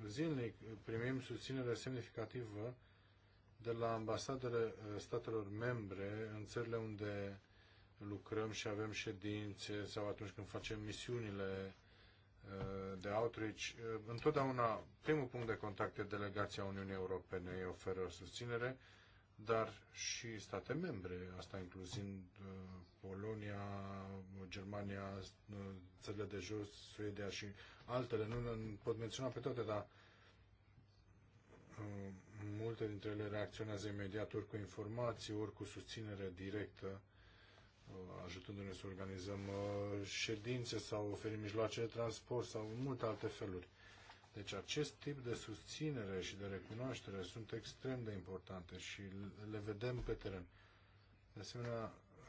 zilnic primim susținere semnificativă de la ambasadele uh, statelor membre în țările unde lucrăm și avem ședințe sau atunci când facem misiunile de outreach. Întotdeauna primul punct de contact e delegația Uniunii Europene, îi oferă susținere dar și state membre, asta inclusind uh, Polonia, Germania, uh, țările de jos, Suedia și altele. Nu le pot menționa pe toate, dar uh, multe dintre ele reacționează imediat ori cu informații, ori cu susținere directă, ajutându-ne să organizăm ședințe sau oferim mijloace de transport sau multe alte feluri. Deci acest tip de susținere și de recunoaștere sunt extrem de importante și le vedem pe teren. De asemenea,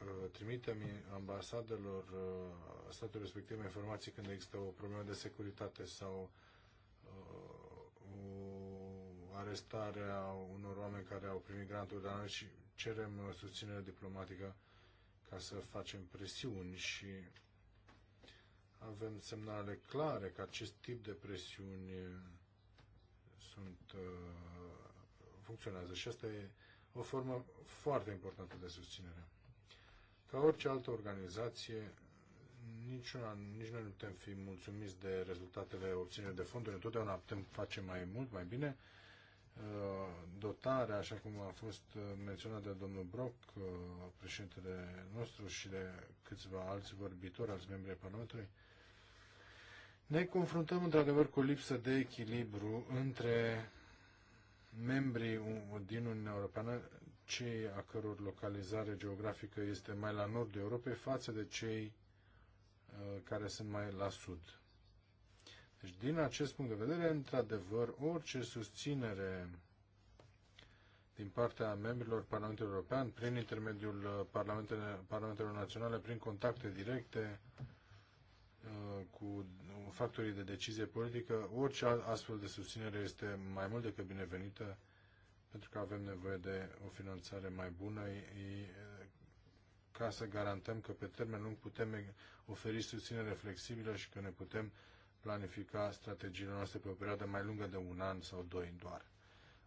uh, trimitem ambasadelor uh, statului respectiv informații când există o problemă de securitate sau uh, arestarea unor oameni care au primit granturi de la și cerem susținere diplomatică ca să facem presiuni și avem semnale clare că acest tip de presiuni uh, sunt, uh, funcționează și asta e o formă foarte importantă de susținere. Ca orice altă organizație, niciuna, nici noi nu putem fi mulțumiți de rezultatele obținute de fonduri, întotdeauna putem face mai mult, mai bine. Uh, dotarea, așa cum a fost menționat de domnul Brock, președintele nostru și de câțiva alți vorbitori, alți membri ai Parlamentului, ne confruntăm într-adevăr cu o lipsă de echilibru între membrii din Uniunea Europeană, cei a căror localizare geografică este mai la nordul Europei, față de cei uh, care sunt mai la sud. Deci, din acest punct de vedere, într-adevăr, orice susținere din partea membrilor Parlamentului European, prin intermediul uh, Parlamentelor, Parlamentelor Naționale, prin contacte directe, Uh, cu factorii de decizie politică, orice astfel de susținere este mai mult decât binevenită pentru că avem nevoie de o finanțare mai bună ca să garantăm că pe termen lung putem oferi susținere flexibilă și că ne putem planifica strategiile noastre pe o perioadă mai lungă de un an sau doi doar.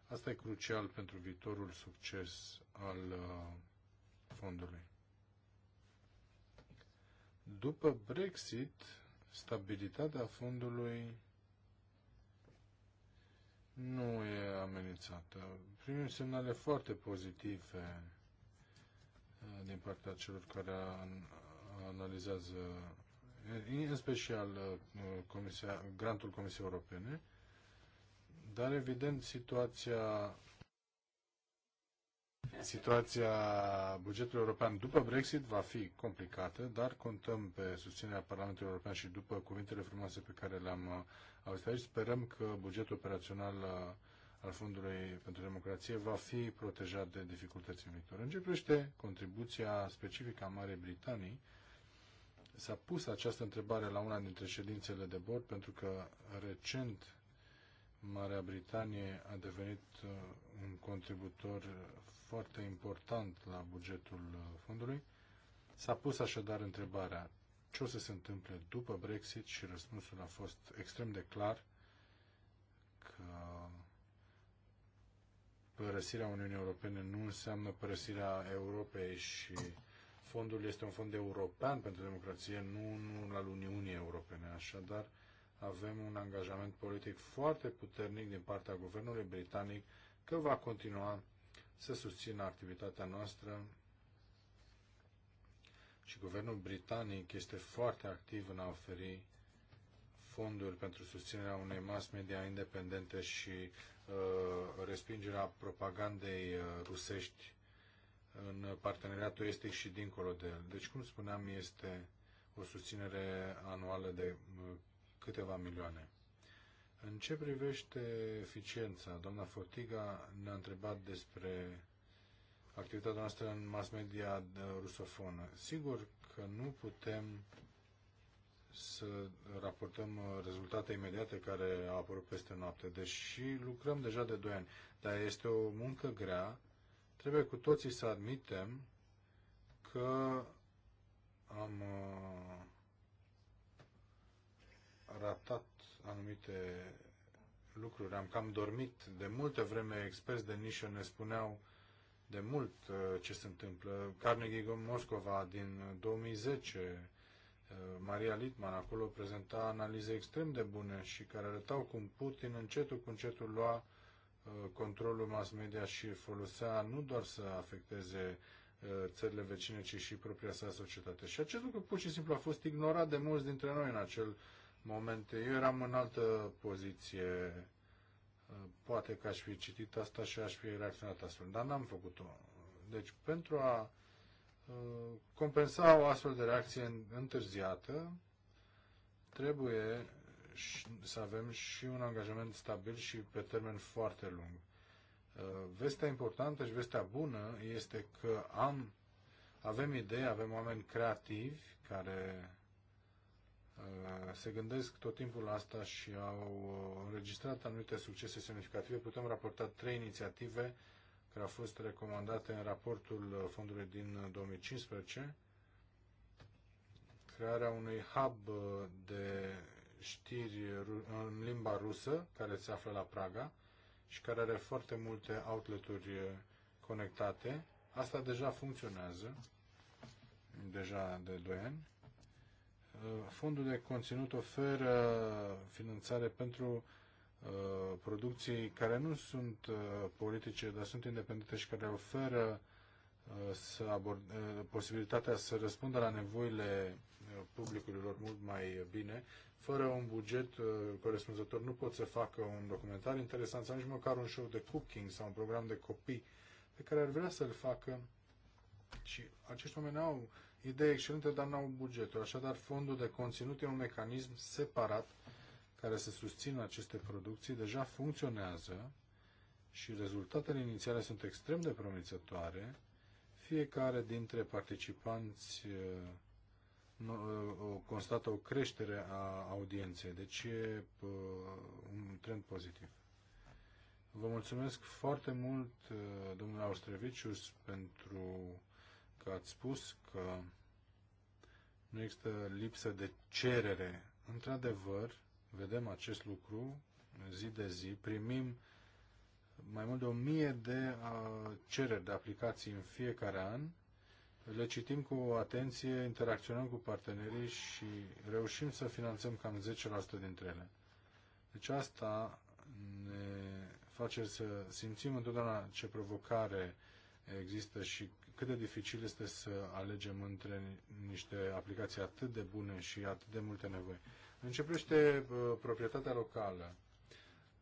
Asta e crucial pentru viitorul succes al uh, fondului. După Brexit, stabilitatea fondului nu e amenințată. Primim semnale foarte pozitive uh, din partea celor care analizează, uh, în special uh, Comisia, grantul Comisiei Europene, dar evident situația Situația bugetului european după Brexit va fi complicată, dar contăm pe susținerea Parlamentului European și după cuvintele frumoase pe care le-am uh, auzit aici, sperăm că bugetul operațional uh, al Fondului pentru Democrație va fi protejat de dificultăți în viitor. În ce privește contribuția specifică a Marii Britanii, s-a pus această întrebare la una dintre ședințele de bord, pentru că recent Marea Britanie a devenit uh, un contributor foarte important la bugetul uh, fondului. S-a pus așadar întrebarea ce o să se întâmple după Brexit și răspunsul a fost extrem de clar că părăsirea Uniunii Europene nu înseamnă părăsirea Europei și fondul este un fond european pentru democrație, nu nu al Uniunii Europene. Așadar, avem un angajament politic foarte puternic din partea guvernului britanic că va continua să susțină activitatea noastră și guvernul britanic este foarte activ în a oferi fonduri pentru susținerea unei mass media independente și uh, respingerea propagandei uh, rusești în parteneriatul estic și dincolo de el. Deci, cum spuneam, este o susținere anuală de uh, câteva milioane. În ce privește eficiența, doamna Fotiga ne-a întrebat despre activitatea noastră în mass media rusofonă. Sigur că nu putem să raportăm rezultate imediate care au apărut peste noapte, deși lucrăm deja de 2 ani. Dar este o muncă grea. Trebuie cu toții să admitem că am uh, ratat anumite lucruri. Am cam dormit de multă vreme, experți de nișă ne spuneau de mult uh, ce se întâmplă. Carnegie Moscova din 2010, uh, Maria Litman acolo prezenta analize extrem de bune și care arătau cum Putin încetul cu încetul lua uh, controlul mass media și folosea nu doar să afecteze țările vecine, ci și propria sa societate. Și acest lucru pur și simplu a fost ignorat de mulți dintre noi în acel momente. Eu eram în altă poziție, poate că aș fi citit asta și aș fi reacționat astfel, dar n-am făcut-o. Deci, pentru a uh, compensa o astfel de reacție întârziată, trebuie să avem și un angajament stabil și pe termen foarte lung. Uh, vestea importantă și vestea bună este că am, avem idei, avem oameni creativi care se gândesc tot timpul la asta și au uh, înregistrat anumite succese semnificative. Putem raporta trei inițiative care au fost recomandate în raportul uh, fondului din 2015. Uh, Crearea unui hub de știri în limba rusă, care se află la Praga și care are foarte multe outleturi conectate. Asta deja funcționează, deja de 2 ani fondul de conținut oferă finanțare pentru uh, producții care nu sunt uh, politice, dar sunt independente și care oferă uh, să abord, posibilitatea să răspundă la nevoile publicului lor mult mai bine. Fără un buget corespunzător nu pot să facă un documentar interesant sau nici măcar un show de cooking sau un program de copii pe care ar vrea să-l facă și acești oameni au idee excelentă, dar n-au bugetul. Așadar, fondul de conținut e un mecanism separat care să susțină aceste producții. Deja funcționează și rezultatele inițiale sunt extrem de promițătoare. Fiecare dintre participanți uh, uh, constată o creștere a audienței. Deci e uh, un trend pozitiv. Vă mulțumesc foarte mult, domnule Austrevicius, pentru că ați spus că nu există lipsă de cerere. Într-adevăr, vedem acest lucru zi de zi, primim mai mult de o mie de cereri de aplicații în fiecare an, le citim cu atenție, interacționăm cu partenerii și reușim să finanțăm cam 10% dintre ele. Deci asta ne face să simțim întotdeauna ce provocare există și cât de dificil este să alegem între niște aplicații atât de bune și atât de multe nevoi. Începește uh, proprietatea locală.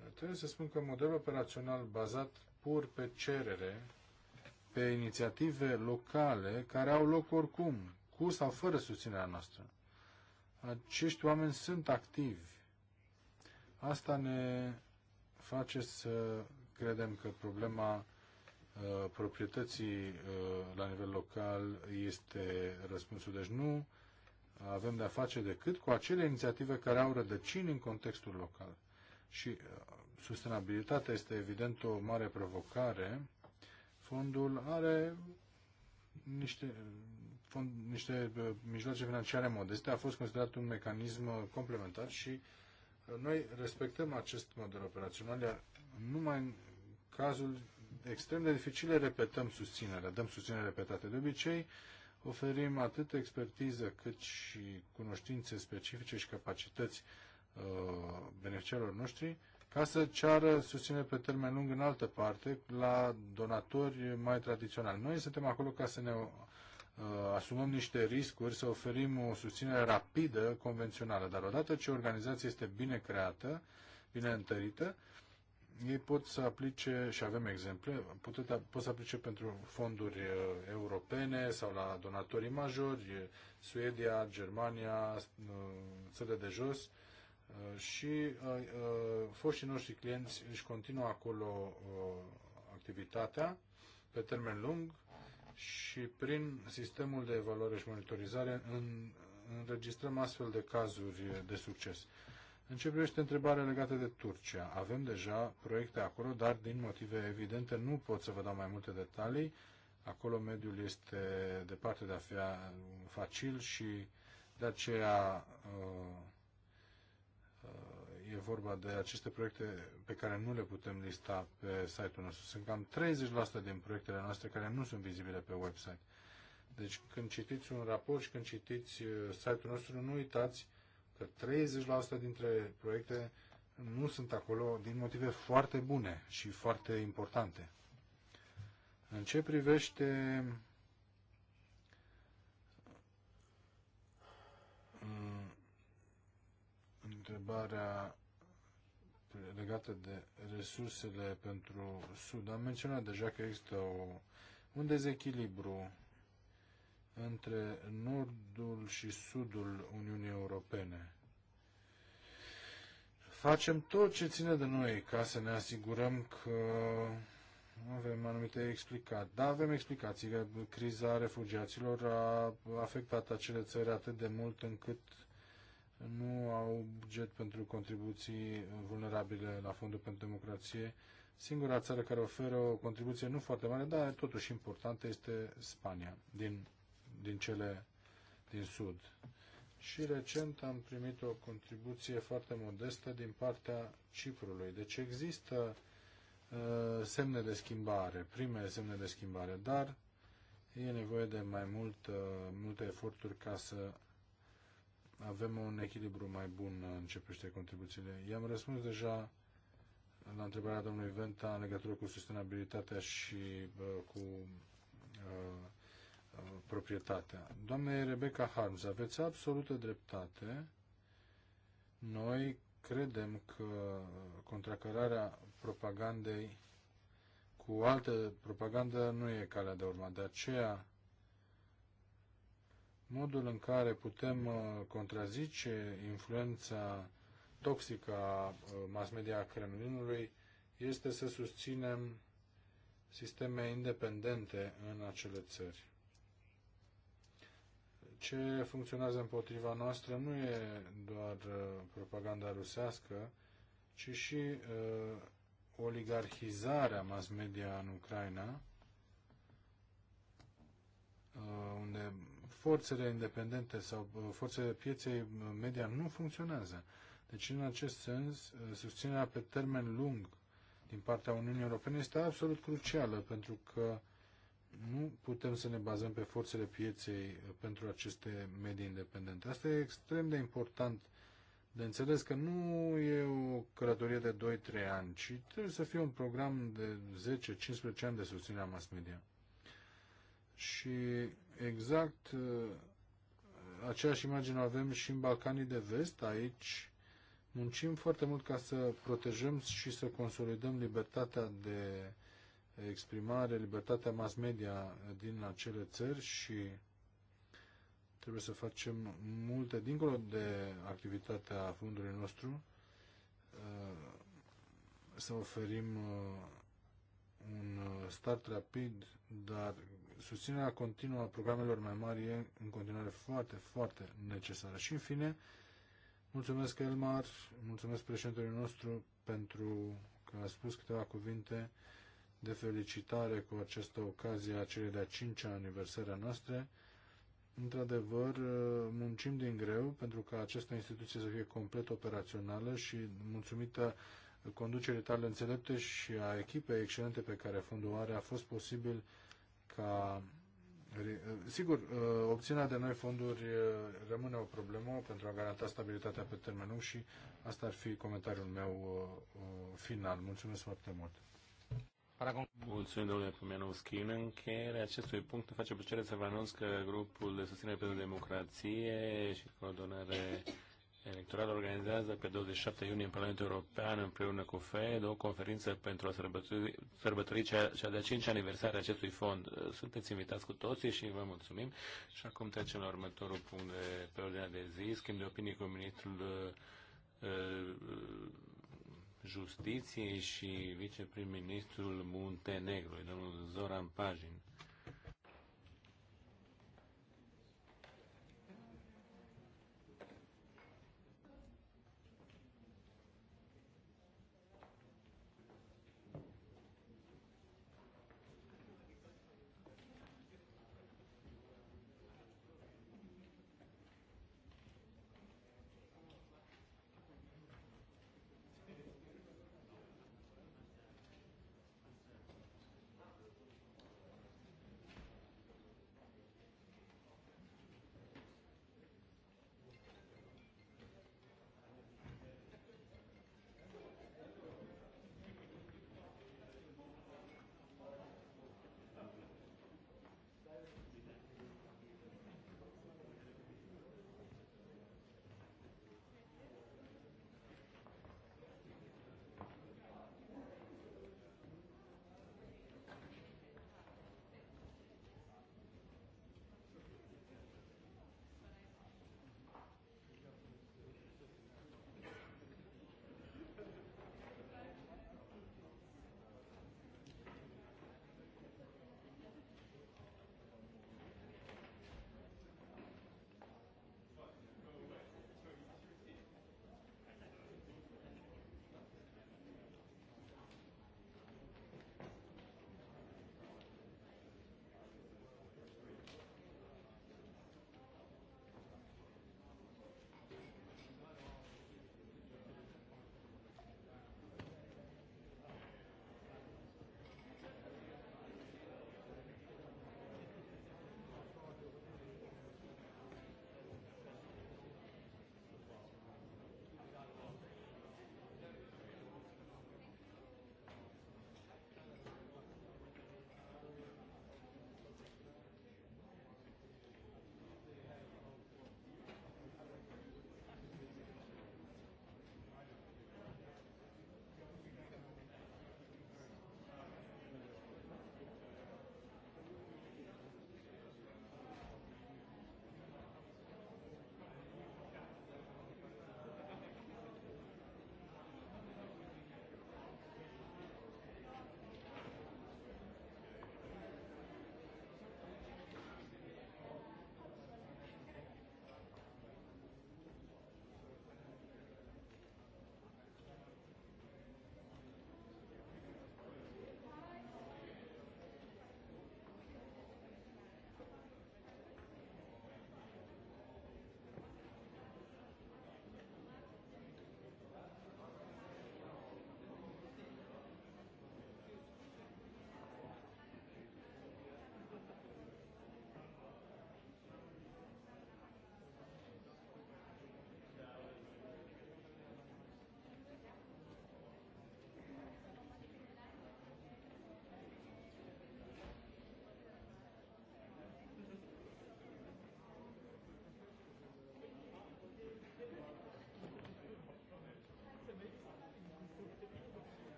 Uh, trebuie să spun că modelul operațional bazat pur pe cerere, pe inițiative locale care au loc oricum, cu sau fără susținerea noastră. Acești oameni sunt activi. Asta ne face să credem că problema Uh, proprietății uh, la nivel local este răspunsul. Deci nu avem de-a face decât cu acele inițiative care au rădăcini în contextul local. Și uh, sustenabilitatea este evident o mare provocare. Fondul are niște, fond, niște mijloace financiare modeste, a fost considerat un mecanism complementar și noi respectăm acest model operațional, iar numai în cazul extrem de dificile repetăm susținerea, dăm susținere repetate. De obicei, oferim atât expertiză cât și cunoștințe specifice și capacități uh, beneficiarilor noștri ca să ceară susținere pe termen lung în altă parte la donatori mai tradiționali. Noi suntem acolo ca să ne uh, asumăm niște riscuri, să oferim o susținere rapidă, convențională. Dar odată ce organizația este bine creată, bine întărită, uh, ei pot să aplice, și avem exemple, pot, pot să aplice pentru fonduri uh, europene sau la donatorii majori, uh, Suedia, Germania, uh, țările de jos și foștii noștri clienți își continuă acolo activitatea pe termen lung și prin sistemul de evaluare și monitorizare în, înregistrăm astfel de cazuri de succes. În ce privește întrebarea legată de Turcia, avem deja proiecte acolo, dar din motive evidente nu pot să vă dau mai multe detalii. Acolo mediul este departe de a fi facil și de aceea uh, uh, e vorba de aceste proiecte pe care nu le putem lista pe site-ul nostru. Sunt cam 30% din proiectele noastre care nu sunt vizibile pe website. Deci când citiți un raport și când citiți uh, site-ul nostru, nu uitați că 30% dintre proiecte nu sunt acolo din motive foarte bune și foarte importante. În ce privește mm, întrebarea legată de resursele pentru Sud, am menționat deja că există o, un dezechilibru între nordul și sudul Uniunii Europene. Facem tot ce ține de noi ca să ne asigurăm că avem anumite explicații. Da, avem explicații că criza refugiaților a afectat acele țări atât de mult încât nu au buget pentru contribuții vulnerabile la Fondul pentru Democrație. Singura țară care oferă o contribuție nu foarte mare, dar totuși importantă, este Spania, din din cele din Sud. Și recent am primit o contribuție foarte modestă din partea Ciprului. Deci există uh, semne de schimbare, prime semne de schimbare, dar e nevoie de mai mult, uh, multe eforturi ca să avem un echilibru mai bun în ce privește contribuțiile. I-am răspuns deja la întrebarea domnului Venta în legătură cu sustenabilitatea și uh, cu uh, proprietatea. Doamne Rebecca Harms, aveți absolută dreptate. Noi credem că contracărarea propagandei cu altă propagandă nu e calea de urmă. De aceea, modul în care putem uh, contrazice influența toxică a uh, mass media a Kremlinului este să susținem sisteme independente în acele țări ce funcționează împotriva noastră nu e doar uh, propaganda rusească, ci și uh, oligarhizarea mass media în Ucraina, uh, unde forțele independente sau uh, forțele pieței uh, media nu funcționează. Deci, în acest sens, susținerea pe termen lung din partea Uniunii Europene este absolut crucială, pentru că nu putem să ne bazăm pe forțele pieței pentru aceste medii independente. Asta e extrem de important de înțeles că nu e o călătorie de 2-3 ani, ci trebuie să fie un program de 10-15 ani de susținere a mass media. Și exact uh, aceeași imagine avem și în Balcanii de Vest, aici muncim foarte mult ca să protejăm și să consolidăm libertatea de exprimare, libertatea mass media din acele țări și trebuie să facem multe dincolo de activitatea fundului nostru uh, să oferim uh, un uh, start rapid, dar susținerea continuă a programelor mai mari e în continuare foarte, foarte necesară. Și în fine, mulțumesc Elmar, mulțumesc președintelui nostru pentru că a spus câteva cuvinte de felicitare cu această ocazie a celei de-a cincea aniversare a noastre. Într-adevăr, muncim din greu pentru ca această instituție să fie complet operațională și mulțumită conducerii tale înțelepte și a echipei excelente pe care fondul are, a fost posibil ca Sigur, obținerea de noi fonduri rămâne o problemă pentru a garanta stabilitatea pe termen lung și asta ar fi comentariul meu uh, uh, final. Mulțumesc foarte mult! Para Mulțumim, domnule Pomianovski. În încheierea acestui punct, face plăcere să vă anunț că grupul de susținere pentru democrație și coordonare electorală organizează pe 27 iunie în Parlamentul European împreună cu FED o conferință pentru a sărbători, sărbători cea, cea de-a 5 aniversare a acestui fond. Sunteți invitați cu toții și vă mulțumim. Și acum trecem la următorul punct de pe ordinea de zi, schimb de opinie cu ministrul uh, uh, Justiției și viceprim-ministrul Muntenegrului, domnul Zoran Pajin.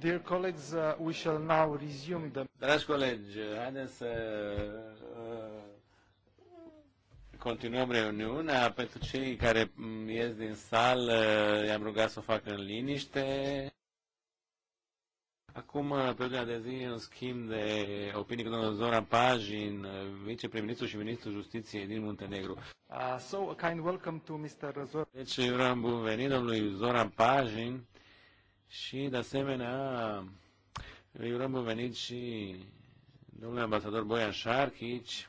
Dear colleagues, uh, we shall now resume the... Dragi colegi, haideți să uh, continuăm reuniunea. Pentru cei care mm, ies din sală, uh, i-am rugat să o facă în liniște. Acum, uh, pe ordinea de zi, în schimb de opinii cu domnul Zoran Pajin, uh, viceprim-ministru și ministrul justiției din Muntenegru. Uh, so, a kind welcome to Mr. Zoran. Deci, eu am bun venit domnului Zoran Pajin și, de asemenea, îi urăm bun venit și domnul ambasador Boian Șarchici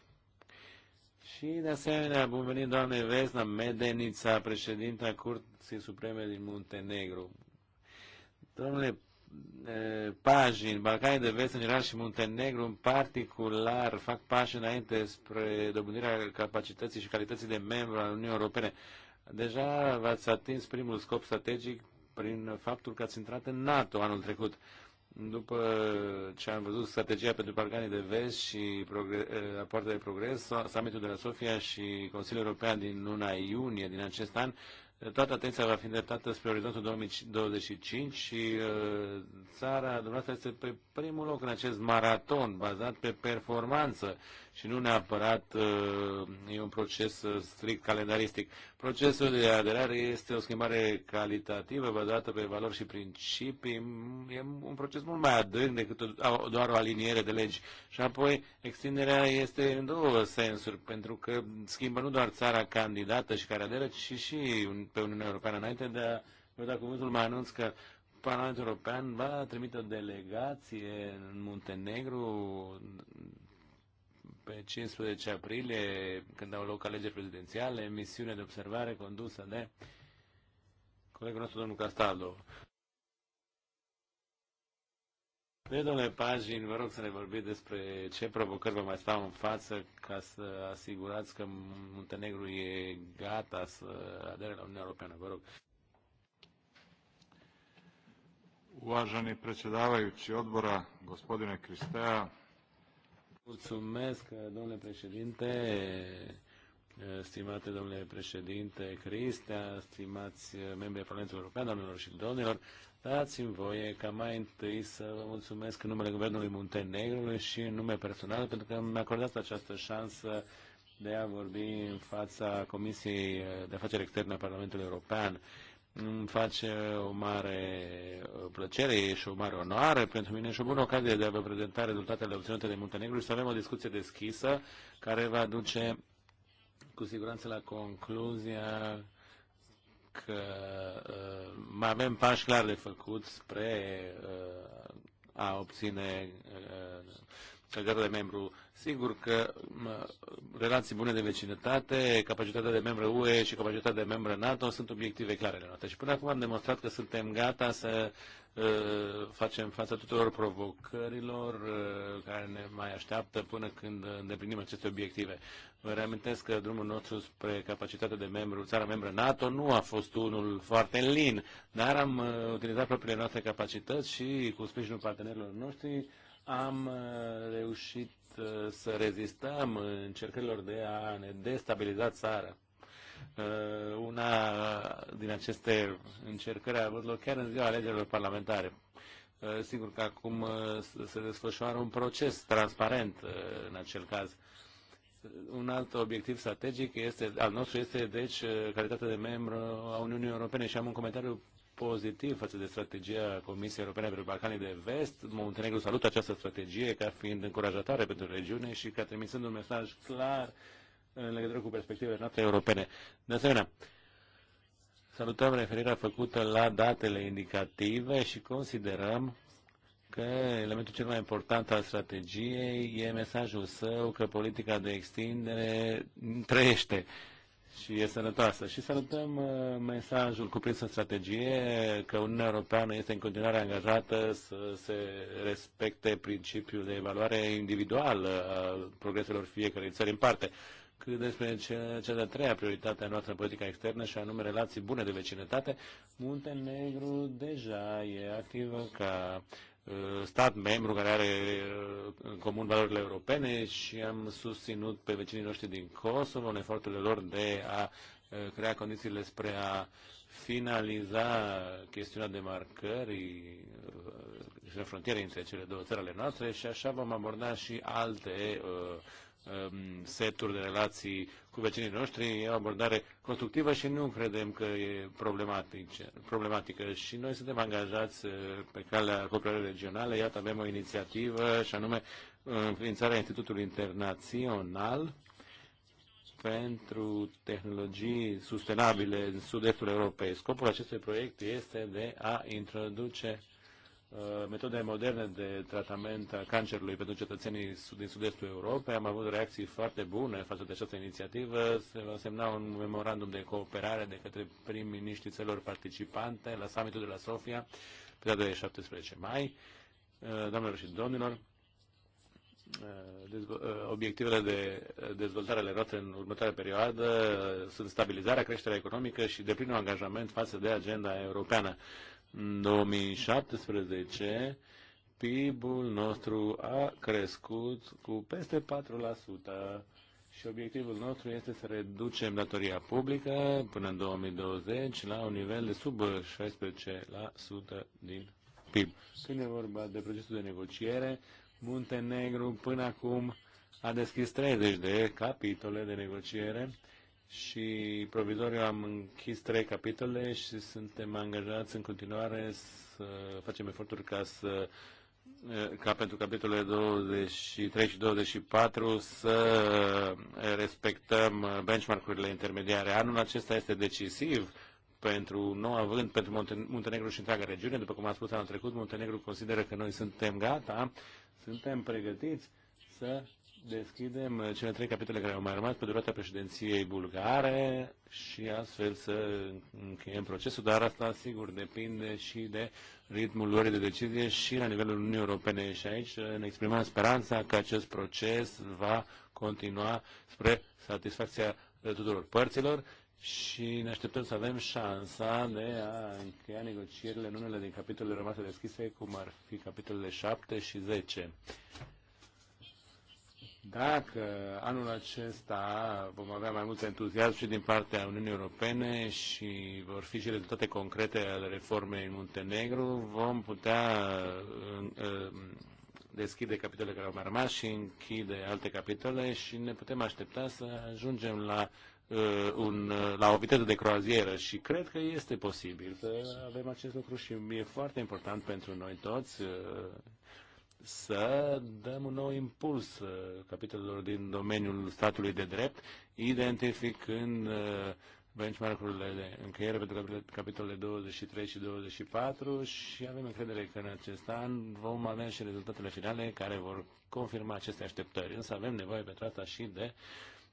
și, de asemenea, bun venit doamne Vesna Medenița, președinta Curții Supreme din Muntenegru. Domnule Pajin, Balcanii de Vest în general și Muntenegru în particular fac pași înainte spre dobândirea capacității și calității de membru al Uniunii Europene. Deja v-ați atins primul scop strategic prin faptul că ați intrat în NATO anul trecut. După ce am văzut strategia pentru Balcanii de Vest și eh, rapoartele de progres, summitul de la Sofia și Consiliul European din luna iunie din acest an, eh, toată atenția va fi îndreptată spre orizontul 2025 și eh, țara dumneavoastră este pe primul loc în acest maraton bazat pe performanță și nu neapărat uh, e un proces uh, strict calendaristic. Procesul de aderare este o schimbare calitativă bazată pe valori și principii. E un proces mult mai adânc decât doar o aliniere de legi. Și apoi extinderea este în două sensuri, pentru că schimbă nu doar țara candidată și care aderă, ci și pe Uniunea Europeană. Înainte de a vă da cuvântul, mai anunț că Parlamentul European va trimite o delegație în Muntenegru pe 15 aprilie, când au loc alegeri prezidențiale, misiune de observare condusă de colegul nostru, domnul Castaldo. De domnule pagini, vă rog să ne vorbiți despre ce provocări vă mai stau în față ca să asigurați că Muntenegru e gata să adere la Uniunea Europeană. Vă rog. Uvaženi predsjedavajući odbora, gospodine Kristea, Mulțumesc, domnule președinte, stimate domnule președinte Cristea, stimați membrii Parlamentului European, domnilor și domnilor, dați-mi voie ca mai întâi să vă mulțumesc în numele Guvernului Muntenegrului și în nume personal pentru că mi-a acordat această șansă de a vorbi în fața Comisiei de Afaceri Externe a Parlamentului European îmi face o mare uh, plăcere, și o mare onoare pentru mine și o bună ocazie de a vă prezenta rezultatele obținute de Muntenegru și să avem o discuție deschisă care va duce cu siguranță la concluzia că uh, mai avem pași clar de făcut spre uh, a obține uh, calitate de membru. Sigur că relații bune de vecinătate, capacitatea de membru UE și capacitatea de membru NATO sunt obiective clare ale noastre. Și până acum am demonstrat că suntem gata să uh, facem față tuturor provocărilor uh, care ne mai așteaptă până când îndeplinim aceste obiective. Vă reamintesc că drumul nostru spre capacitatea de membru, țara membră NATO, nu a fost unul foarte lin, dar am uh, utilizat propriile noastre capacități și cu sprijinul partenerilor noștri am uh, reușit uh, să rezistăm încercărilor de a ne destabiliza țara. Uh, una din aceste încercări a avut loc chiar în ziua alegerilor parlamentare. Sigur că acum se desfășoară un proces transparent în acel caz. Un alt obiectiv strategic este, al nostru este, deci, calitatea de membru a Uniunii Europene și am un comentariu pozitiv față de strategia Comisiei Europene pentru Balcanii de Vest. Muntenegru salută această strategie ca fiind încurajatoare pentru regiune și ca trimisând un mesaj clar în legătură cu perspectivele noastre europene. De asemenea, salutăm referirea făcută la datele indicative și considerăm că elementul cel mai important al strategiei e mesajul său că politica de extindere trăiește și e sănătoasă. Și salutăm uh, mesajul cuprins în strategie că Uniunea Europeană este în continuare angajată să se respecte principiul de evaluare individuală a progreselor fiecărei țări în parte. Cât despre cea, de-a treia prioritate a noastră în politica externă și anume relații bune de vecinătate, Muntenegru deja e activă ca Uh, stat membru care are uh, în comun valorile europene și am susținut pe vecinii noștri din Kosovo în eforturile lor de a uh, crea condițiile spre a finaliza chestiunea demarcării și frontiere între cele două țări ale noastre și așa vom aborda și alte uh, Um, seturi de relații cu vecinii noștri, e o abordare constructivă și nu credem că e problematică. Și noi suntem angajați uh, pe calea cooperării regionale. Iată, avem o inițiativă și anume uh, înființarea Institutului Internațional pentru tehnologii sustenabile în sud-estul Europei. Scopul acestui proiect este de a introduce Uh, metode moderne de tratament a cancerului pentru cetățenii din sud-estul Europei. Am avut reacții foarte bune față de această inițiativă. Se va semna un memorandum de cooperare de către prim-miniștrii țărilor participante la summitul de la Sofia pe data de 17 mai. Uh, doamnelor și domnilor, uh, obiectivele de dezvoltare ale roate în următoarea perioadă sunt stabilizarea, creșterea economică și deplinul angajament față de agenda europeană. În 2017, PIB-ul nostru a crescut cu peste 4% și obiectivul nostru este să reducem datoria publică până în 2020 la un nivel de sub 16% din PIB. Când e vorba de procesul de negociere, Muntenegru până acum a deschis 30 de capitole de negociere și provizoriu am închis trei capitole și suntem angajați în continuare să facem eforturi ca să ca pentru capitolele 23 și 24 să respectăm benchmark-urile intermediare. Anul acesta este decisiv pentru nou având pentru Muntenegru și întreaga regiune. După cum am spus anul trecut, Muntenegru consideră că noi suntem gata, suntem pregătiți să deschidem uh, cele trei capitole care au mai rămas pe durata președinției bulgare și astfel să încheiem procesul, dar asta sigur depinde și de ritmul lor de decizie și la nivelul Uniunii Europene și aici uh, ne exprimăm speranța că acest proces va continua spre satisfacția tuturor părților și ne așteptăm să avem șansa de a încheia negocierile în unele din capitolele rămase deschise, cum ar fi capitolele 7 și 10. Dacă anul acesta vom avea mai mult entuziasm și din partea Uniunii Europene și vor fi și rezultate concrete ale reformei în Muntenegru, vom putea deschide capitole care au mai rămas și închide alte capitole și ne putem aștepta să ajungem la, uh, un, la o viteză de croazieră și cred că este posibil să avem acest lucru și e foarte important pentru noi toți, uh, să dăm un nou impuls uh, capitolelor din domeniul statului de drept, identificând uh, benchmark-urile de încheiere pentru capitolele 23 și 24 și avem încredere că în acest an vom avea și rezultatele finale care vor confirma aceste așteptări. Însă avem nevoie pentru asta și de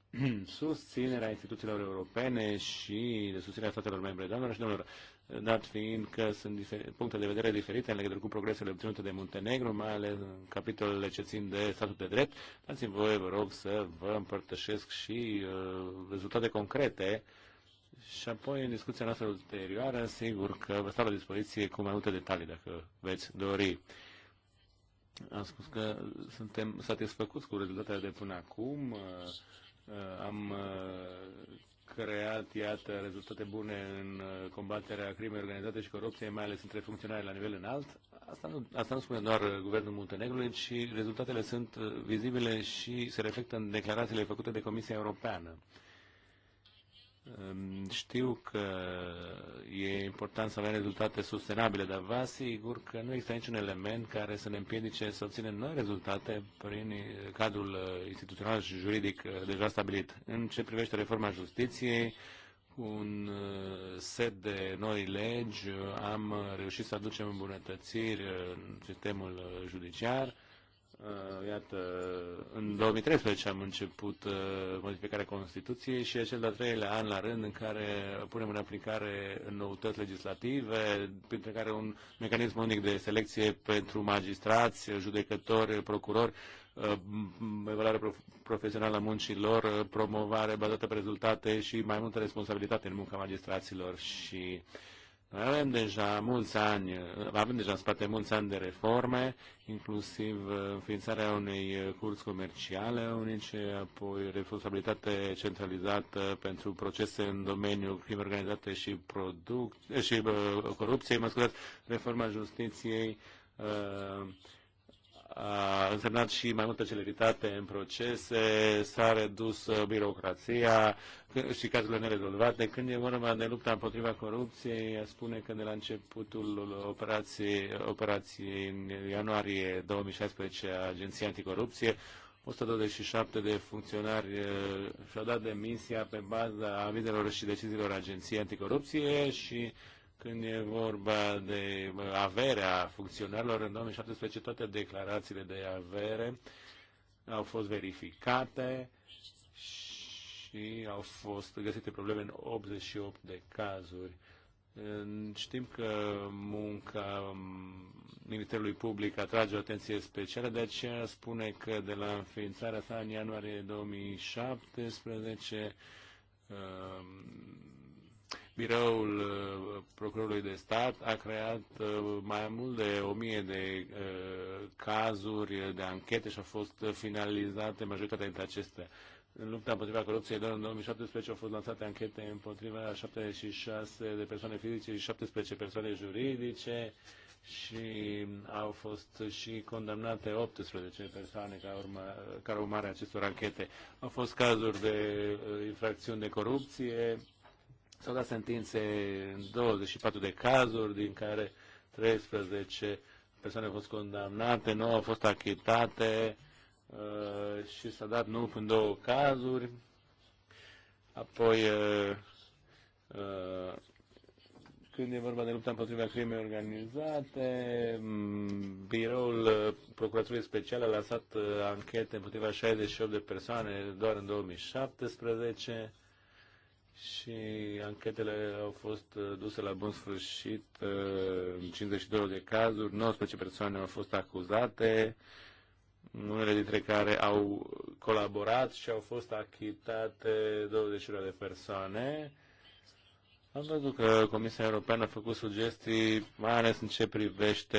(clears throat) susținerea instituțiilor europene și de susținerea statelor membre. Doamnelor și domnilor, dat fiind că sunt puncte de vedere diferite în legătură cu progresele obținute de Muntenegru, mai ales în capitolele ce țin de statul de drept. Dați-mi voi, vă rog, să vă împărtășesc și uh, rezultate concrete și apoi, în discuția noastră ulterioară, sigur că vă stau la dispoziție cu mai multe detalii, dacă veți dori. Am spus că suntem satisfăcuți cu rezultatele de până acum. Uh, am uh, creat, iată, rezultate bune în uh, combaterea crimei organizate și corupției, mai ales între funcționari la nivel înalt. Asta nu, asta nu spune doar uh, Guvernul Muntenegrului, ci rezultatele sunt uh, vizibile și se reflectă în declarațiile făcute de Comisia Europeană. Știu că e important să avem rezultate sustenabile, dar vă asigur că nu există niciun element care să ne împiedice să obținem noi rezultate prin cadrul instituțional și juridic deja stabilit. În ce privește reforma justiției, un uh, set de noi legi am reușit să aducem îmbunătățiri în sistemul judiciar Uh, iată, în 2013 am început uh, modificarea Constituției și e cel de-al treilea an la rând în care punem în aplicare noutăți legislative, printre care un mecanism unic de selecție pentru magistrați, judecători, procurori, uh, evaluare profesională a muncilor, promovare bazată pe rezultate și mai multă responsabilitate în munca magistraților și uh, noi avem deja mulți ani, avem deja în spate mulți ani de reforme, inclusiv înființarea unei curți comerciale unice, apoi responsabilitate centralizată pentru procese în domeniul crimei organizate și, produc, și corupției, mă scuzați, reforma justiției, uh, a însemnat și mai multă celeritate în procese, s-a redus uh, birocrația și cazurile nerezolvate. Când e vorba de lupta împotriva corupției, spune că de la începutul operației, operației în ianuarie 2016 a Agenției Anticorupție, 127 de funcționari uh, și-au dat demisia pe baza avizelor și deciziilor Agenției Anticorupție și când e vorba de averea funcționarilor, în 2017 toate declarațiile de avere au fost verificate și au fost găsite probleme în 88 de cazuri. Știm că munca Ministerului Public atrage o atenție specială, de aceea spune că de la înființarea sa în ianuarie 2017 Biroul uh, Procurorului de Stat a creat uh, mai mult de o mie de uh, cazuri de anchete și au fost finalizate majoritatea dintre acestea. În lupta împotriva corupției, doar în 2017 au fost lansate anchete împotriva 76 de persoane fizice și 17 persoane juridice și au fost și condamnate 18 persoane ca, urma, ca urmare a acestor anchete. Au fost cazuri de infracțiuni de corupție, S-au dat sentințe în 24 de cazuri, din care 13 persoane au fost condamnate, 9 au fost achitate uh, și s-a dat nu în două cazuri. Apoi, uh, uh, când e vorba de lupta împotriva crimei organizate, biroul Procuraturii Speciale a lansat anchete împotriva 68 de persoane doar în 2017 și anchetele au fost uh, duse la bun sfârșit, 52 uh, de cazuri, 19 persoane au fost acuzate, unele dintre care au colaborat și au fost achitate 21 de persoane am văzut că Comisia Europeană a făcut sugestii, mai ales în ce privește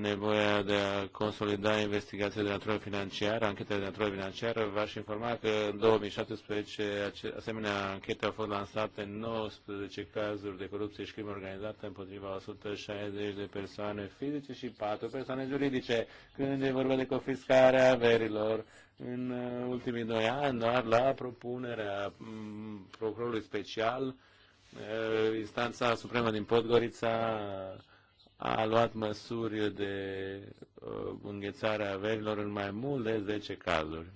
nevoia de a consolida investigația de natură financiară, anchetele de natură financiară. V-aș informa că în 2017 asemenea anchete au fost lansate în 19 cazuri de corupție și crimă organizată împotriva 160 de persoane fizice și 4 persoane juridice. Când e vorba de confiscarea averilor, în uh, ultimii doi ani, doar la propunerea mm, procurorului special, Instanța Supremă din Podgorița a luat măsuri de uh, înghețare a verilor în mai mult de 10 cazuri.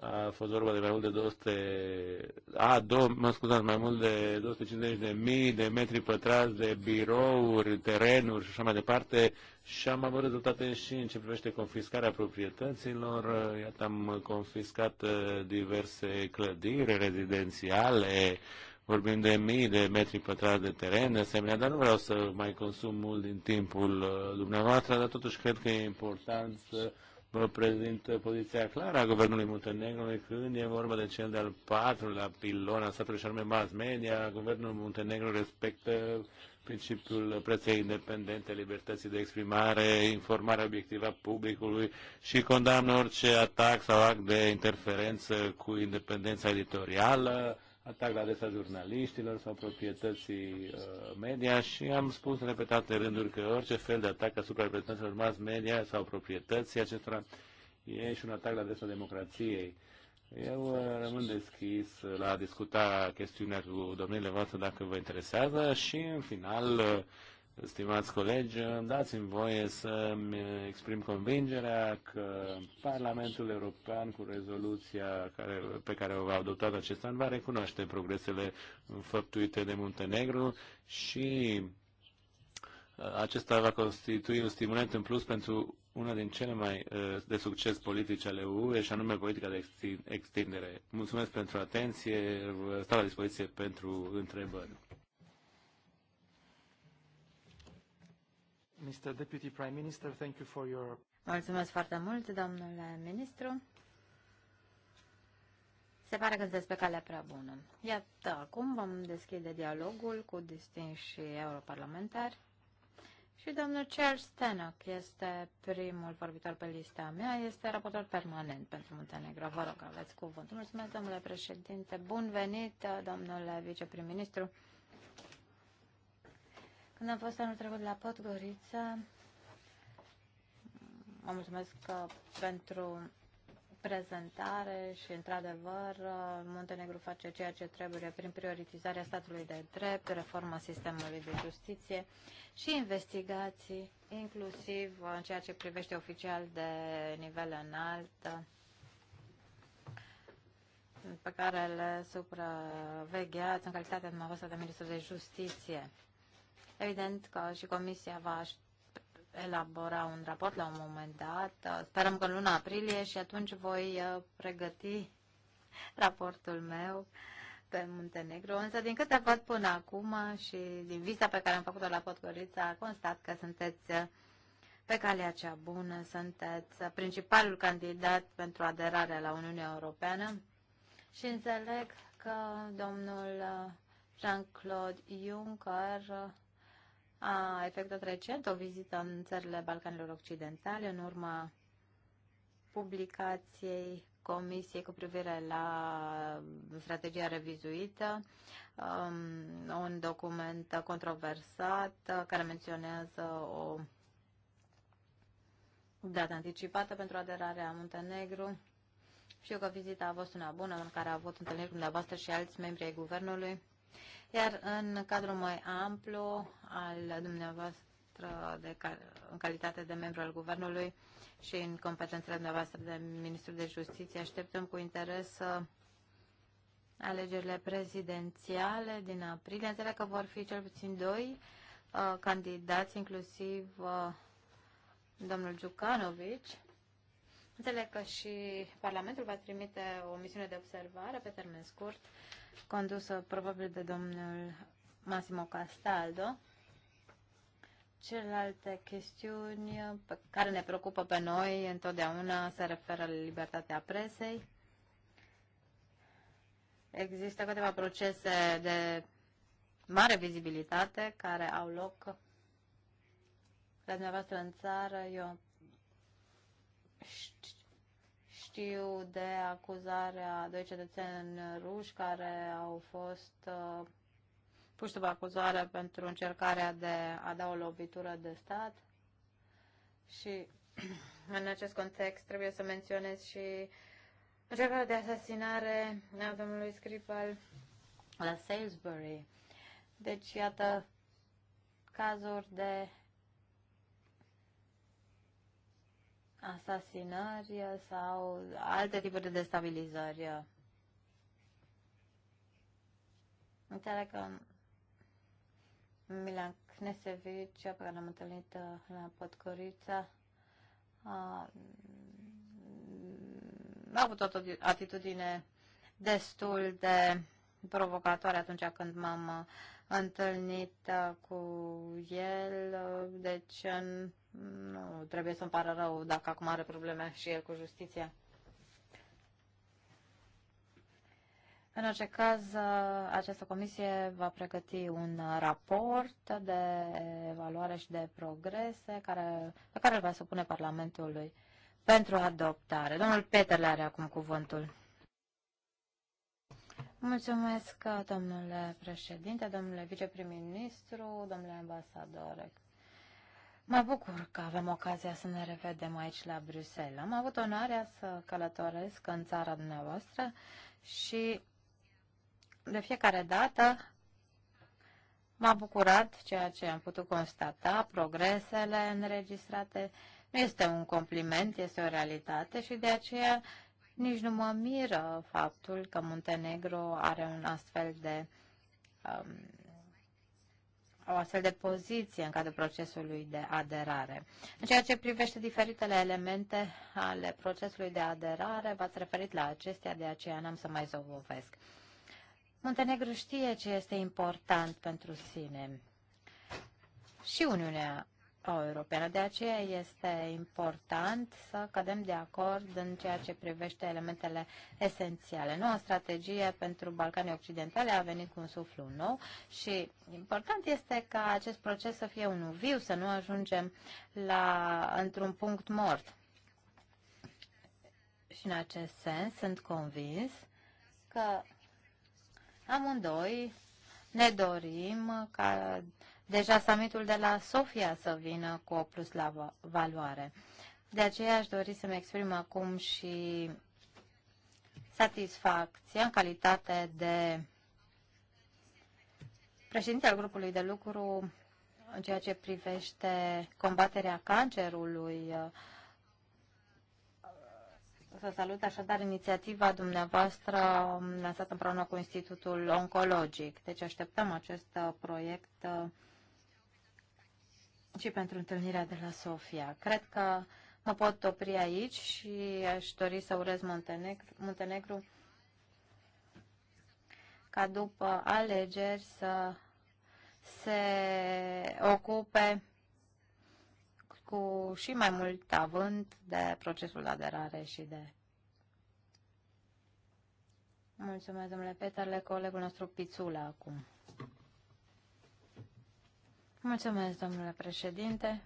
A fost vorba de mai mult de 200, a, două, mă scuzați, mai mult de 250 de mii de metri pătrați de birouri, terenuri și așa mai departe și am avut rezultate și în ce privește confiscarea proprietăților. Iată, am confiscat uh, diverse clădiri rezidențiale, Vorbim de mii de metri pătrați de teren, de asemenea, dar nu vreau să mai consum mult din timpul uh, dumneavoastră, dar totuși cred că e important să vă prezint poziția clară a Guvernului Muntenegrului când e vorba de cel de-al patrulea pilon a statului și anume mass media. Guvernul Muntenegru respectă principiul preței independente, libertății de exprimare, informarea obiectivă a publicului și condamnă orice atac sau act de interferență cu independența editorială atac la adresa jurnaliștilor sau proprietății uh, media și am spus în repetate rânduri că orice fel de atac asupra reprezentanților mass media sau proprietății acestora e și un atac la adresa democrației. Eu uh, rămân deschis la a discuta chestiunea cu domnile voastre dacă vă interesează și în final uh, Stimați colegi, dați-mi voie să-mi exprim convingerea că Parlamentul European, cu rezoluția care, pe care o va adopta acest an, va recunoaște progresele făptuite de Muntenegru și uh, acesta va constitui un stimulant în plus pentru una din cele mai uh, de succes politici ale UE, și anume politica de extindere. Mulțumesc pentru atenție, stau la dispoziție pentru întrebări. Mr. Deputy Prime Minister, thank you for your... Mulțumesc foarte mult, domnule ministru. Se pare că pe calea prea bună. Iată, acum vom deschide dialogul cu distinși europarlamentari. Și domnul Charles Stanock este primul vorbitor pe lista mea, este raportor permanent pentru Muntenegro. Vă rog, aveți cuvântul. Mulțumesc, domnule președinte. Bun venit, domnule viceprim-ministru. Când am fost anul trecut la Podgorița, mă mulțumesc uh, pentru prezentare și, într-adevăr, uh, Muntenegru face ceea ce trebuie prin prioritizarea statului de drept, reforma sistemului de justiție și investigații, inclusiv uh, în ceea ce privește oficial de nivel înalt, pe care le supravegheați în calitatea dumneavoastră de ministru de justiție. Evident că și Comisia va elabora un raport la un moment dat. Sperăm că în luna aprilie și atunci voi uh, pregăti (laughs) raportul meu pe Muntenegru, însă din câte văd până acum și din vizita pe care am făcut-o la Podgorița, constat că sunteți uh, pe calea cea bună, sunteți uh, principalul candidat pentru aderare la Uniunea Europeană și înțeleg că domnul Jean-Claude Juncker a efectuat recent o vizită în țările Balcanilor Occidentale în urma publicației Comisiei cu privire la strategia revizuită, um, un document controversat care menționează o dată anticipată pentru aderarea Muntenegru. Știu că vizita a fost una bună în care a avut întâlniri cu dumneavoastră și alți membri ai guvernului iar în cadrul mai amplu al dumneavoastră de cal- în calitate de membru al Guvernului și în competențele dumneavoastră de Ministru de Justiție, așteptăm cu interes uh, alegerile prezidențiale din aprilie. Înțeleg că vor fi cel puțin doi uh, candidați, inclusiv uh, domnul Giucanovici. Înțeleg că și Parlamentul va trimite o misiune de observare pe termen scurt condusă probabil de domnul Massimo Castaldo. Celelalte chestiuni pe care ne preocupă pe noi întotdeauna se referă la libertatea presei. Există câteva procese de mare vizibilitate care au loc la dumneavoastră în țară. Eu știu de acuzarea doi cetățeni ruși care au fost uh, puși sub acuzare pentru încercarea de a da o lovitură de stat. Și (clears throat) în acest context trebuie să menționez și încercarea de asasinare a domnului Scripal la Salisbury. Deci, iată, cazuri de asasinări sau alte tipuri de destabilizări. Înțeleg că Milan Knesevici, pe care l-am întâlnit uh, la Podgorița, a, mm, a avut o atitudine destul de provocatoare atunci când m-am uh, întâlnit uh, cu el, deci în, nu, trebuie să-mi pară rău dacă acum are probleme și el cu justiția. În orice caz, această comisie va pregăti un raport de evaluare și de progrese care, pe care îl va supune Parlamentului pentru adoptare. Domnul Peterle are acum cuvântul. Mulțumesc, domnule președinte, domnule viceprim-ministru, domnule ambasador Mă bucur că avem ocazia să ne revedem aici la Bruxelles. Am avut onoarea să călătoresc în țara dumneavoastră și de fiecare dată m-a bucurat ceea ce am putut constata, progresele înregistrate. Nu este un compliment, este o realitate și de aceea nici nu mă miră faptul că Muntenegro are un astfel de um, o astfel de poziție în cadrul procesului de aderare. În ceea ce privește diferitele elemente ale procesului de aderare, v-ați referit la acestea, de aceea n-am să mai zovovesc. Muntenegru știe ce este important pentru sine. Și Uniunea europeană. De aceea este important să cădem de acord în ceea ce privește elementele esențiale. Noua strategie pentru Balcanii Occidentale a venit cu un suflu nou și important este ca acest proces să fie unul viu, să nu ajungem la, într-un punct mort. Și în acest sens sunt convins că amândoi ne dorim ca deja summitul de la Sofia să vină cu o plus la valoare. De aceea aș dori să-mi exprim acum și satisfacția în calitate de președinte al grupului de lucru în ceea ce privește combaterea cancerului. Să salut așadar inițiativa dumneavoastră lansată împreună cu Institutul Oncologic. Deci așteptăm acest proiect și pentru întâlnirea de la Sofia. Cred că mă pot opri aici și aș dori să urez Montenegru, Muntenegru ca după alegeri să se ocupe cu și mai mult avânt de procesul de aderare și de... Mulțumesc, domnule Peterle, colegul nostru Pițula acum. Mulțumesc, domnule președinte,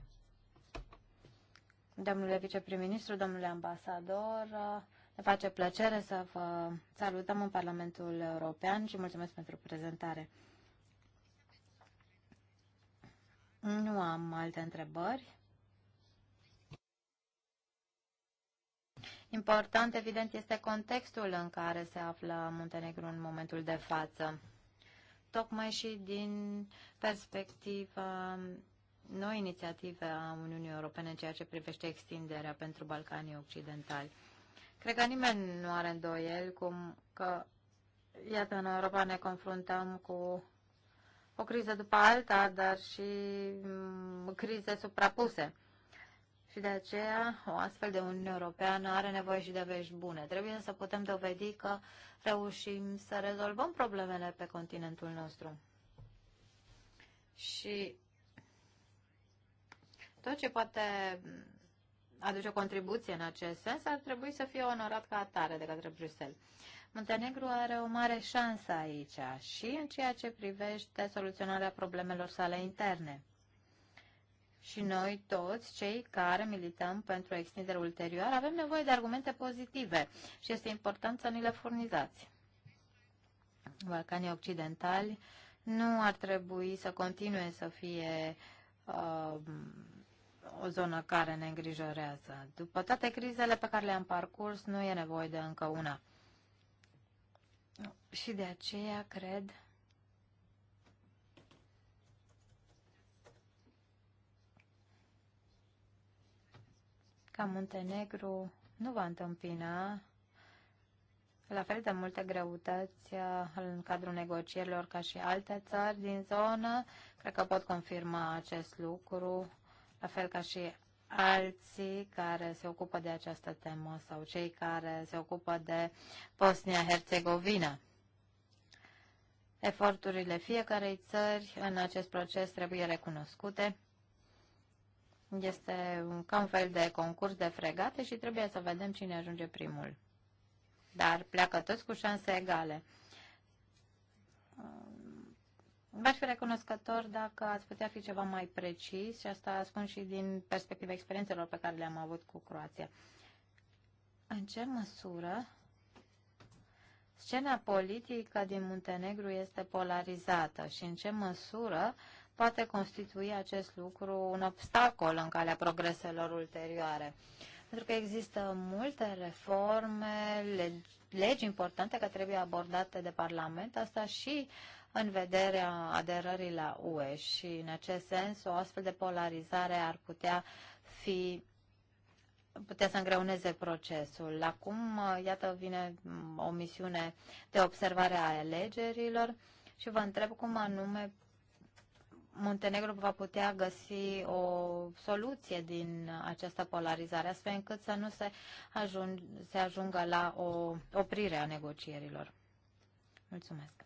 domnule viceprim-ministru, domnule ambasador. Ne face plăcere să vă salutăm în Parlamentul European și mulțumesc pentru prezentare. Nu am alte întrebări. Important, evident, este contextul în care se află Muntenegru în momentul de față tocmai și din perspectiva noi inițiative a Uniunii Europene în ceea ce privește extinderea pentru Balcanii Occidentali. Cred că nimeni nu are îndoiel cum că, iată, în Europa ne confruntăm cu o criză după alta, dar și mm, crize suprapuse și de aceea o astfel de Uniune Europeană are nevoie și de vești bune. Trebuie să putem dovedi că reușim să rezolvăm problemele pe continentul nostru. Și tot ce poate aduce o contribuție în acest sens ar trebui să fie onorat ca atare de către Bruxelles. Muntenegru are o mare șansă aici și în ceea ce privește soluționarea problemelor sale interne și noi toți cei care milităm pentru extindere ulterioară avem nevoie de argumente pozitive și este important să ni le furnizați. Balcanii Occidentali nu ar trebui să continue să fie uh, o zonă care ne îngrijorează. După toate crizele pe care le-am parcurs, nu e nevoie de încă una. Și de aceea cred ca Muntenegru nu va întâmpina la fel de multe greutăți uh, în cadrul negocierilor ca și alte țări din zonă. Cred că pot confirma acest lucru, la fel ca și alții care se ocupă de această temă sau cei care se ocupă de Bosnia-Herzegovina. Eforturile fiecarei țări în acest proces trebuie recunoscute este ca un fel de concurs de fregate și trebuie să vedem cine ajunge primul. Dar pleacă toți cu șanse egale. Um, v-aș fi recunoscător dacă ați putea fi ceva mai precis și asta spun și din perspectiva experiențelor pe care le-am avut cu Croația. În ce măsură scena politică din Muntenegru este polarizată și în ce măsură poate constitui acest lucru un obstacol în calea progreselor ulterioare. Pentru că există multe reforme, legi importante care trebuie abordate de Parlament, asta și în vederea aderării la UE și în acest sens o astfel de polarizare ar putea fi putea să îngreuneze procesul. Acum, iată, vine o misiune de observare a alegerilor și vă întreb cum anume Muntenegru va putea găsi o soluție din această polarizare, astfel încât să nu se, ajung, se ajungă la o oprire a negocierilor. Mulțumesc.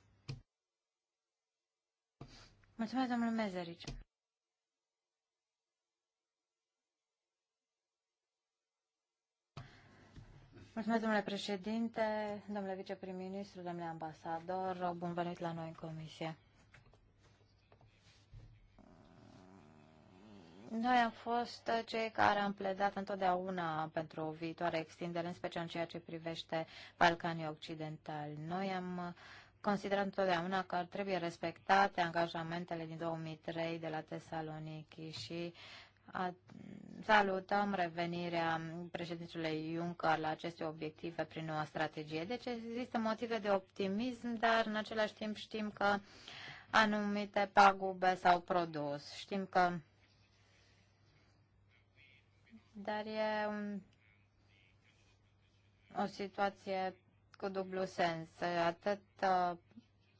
Mulțumesc, domnule Mezerici. Mulțumesc, domnule președinte, domnule viceprim-ministru, domnule ambasador, bun venit la noi în comisie. Noi am fost cei care am pledat întotdeauna pentru o viitoare extindere, în special în ceea ce privește Balcanii Occidentali. Noi am considerat întotdeauna că trebuie respectate angajamentele din 2003 de la Tesaloniki și a, salutăm revenirea președintelui Juncker la aceste obiective prin noua strategie. Deci există motive de optimism, dar în același timp știm că anumite pagube s-au produs. Știm că dar e un, o situație cu dublu sens. Atât uh,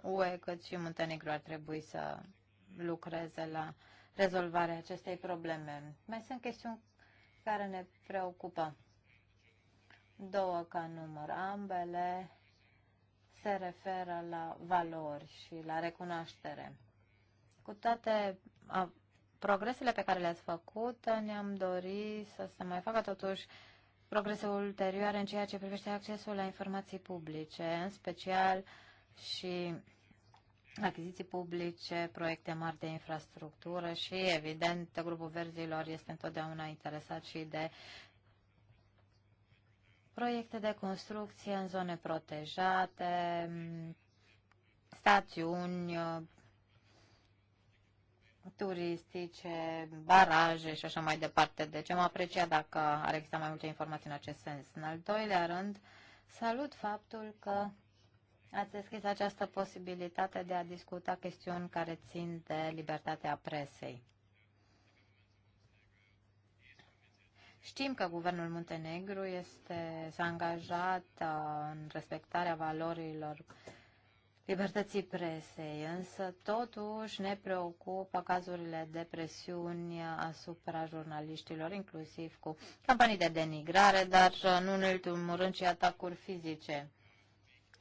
UE cât și Muntenegru ar trebui să lucreze la rezolvarea acestei probleme. Mai sunt chestiuni care ne preocupă. Două ca număr. Ambele se referă la valori și la recunoaștere. Cu toate progresele pe care le-ați făcut, ne-am dorit să se mai facă totuși progrese ulterioare în ceea ce privește accesul la informații publice, în special și achiziții publice, proiecte mari de infrastructură și, evident, grupul verzilor este întotdeauna interesat și de proiecte de construcție în zone protejate, stațiuni, turistice, baraje și așa mai departe. Deci am apreciat dacă ar exista mai multe informații în acest sens. În al doilea rând, salut faptul că ați deschis această posibilitate de a discuta chestiuni care țin de libertatea presei. Știm că guvernul Muntenegru este, s-a angajat uh, în respectarea valorilor uh, libertății presei, însă totuși ne preocupă cazurile de presiuni asupra jurnaliștilor, inclusiv cu campanii de denigrare, dar nu în ultimul rând și atacuri fizice.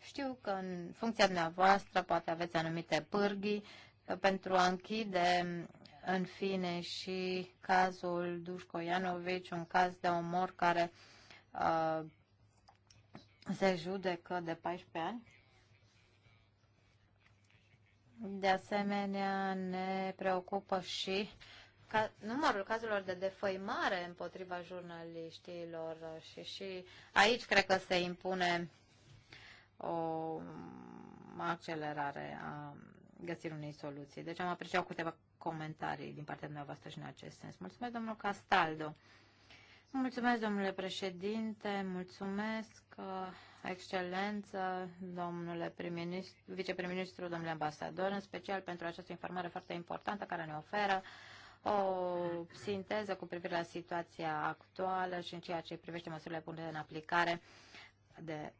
Știu că în funcția dumneavoastră poate aveți anumite pârghii uh, pentru a închide uh, în fine și cazul Ianovici, un caz de omor care uh, se judecă de 14 ani. De asemenea, ne preocupă și ca, numărul cazurilor de defăimare împotriva jurnaliștilor și, și aici cred că se impune o accelerare a găsirii unei soluții. Deci am apreciat câteva comentarii din partea dumneavoastră și în acest sens. Mulțumesc, domnul Castaldo. Mulțumesc, domnule președinte, mulțumesc uh, Excelență, domnule vicepreministru, domnule ambasador, în special pentru această informare foarte importantă care ne oferă o sinteză cu privire la situația actuală și în ceea ce privește măsurile puse în aplicare de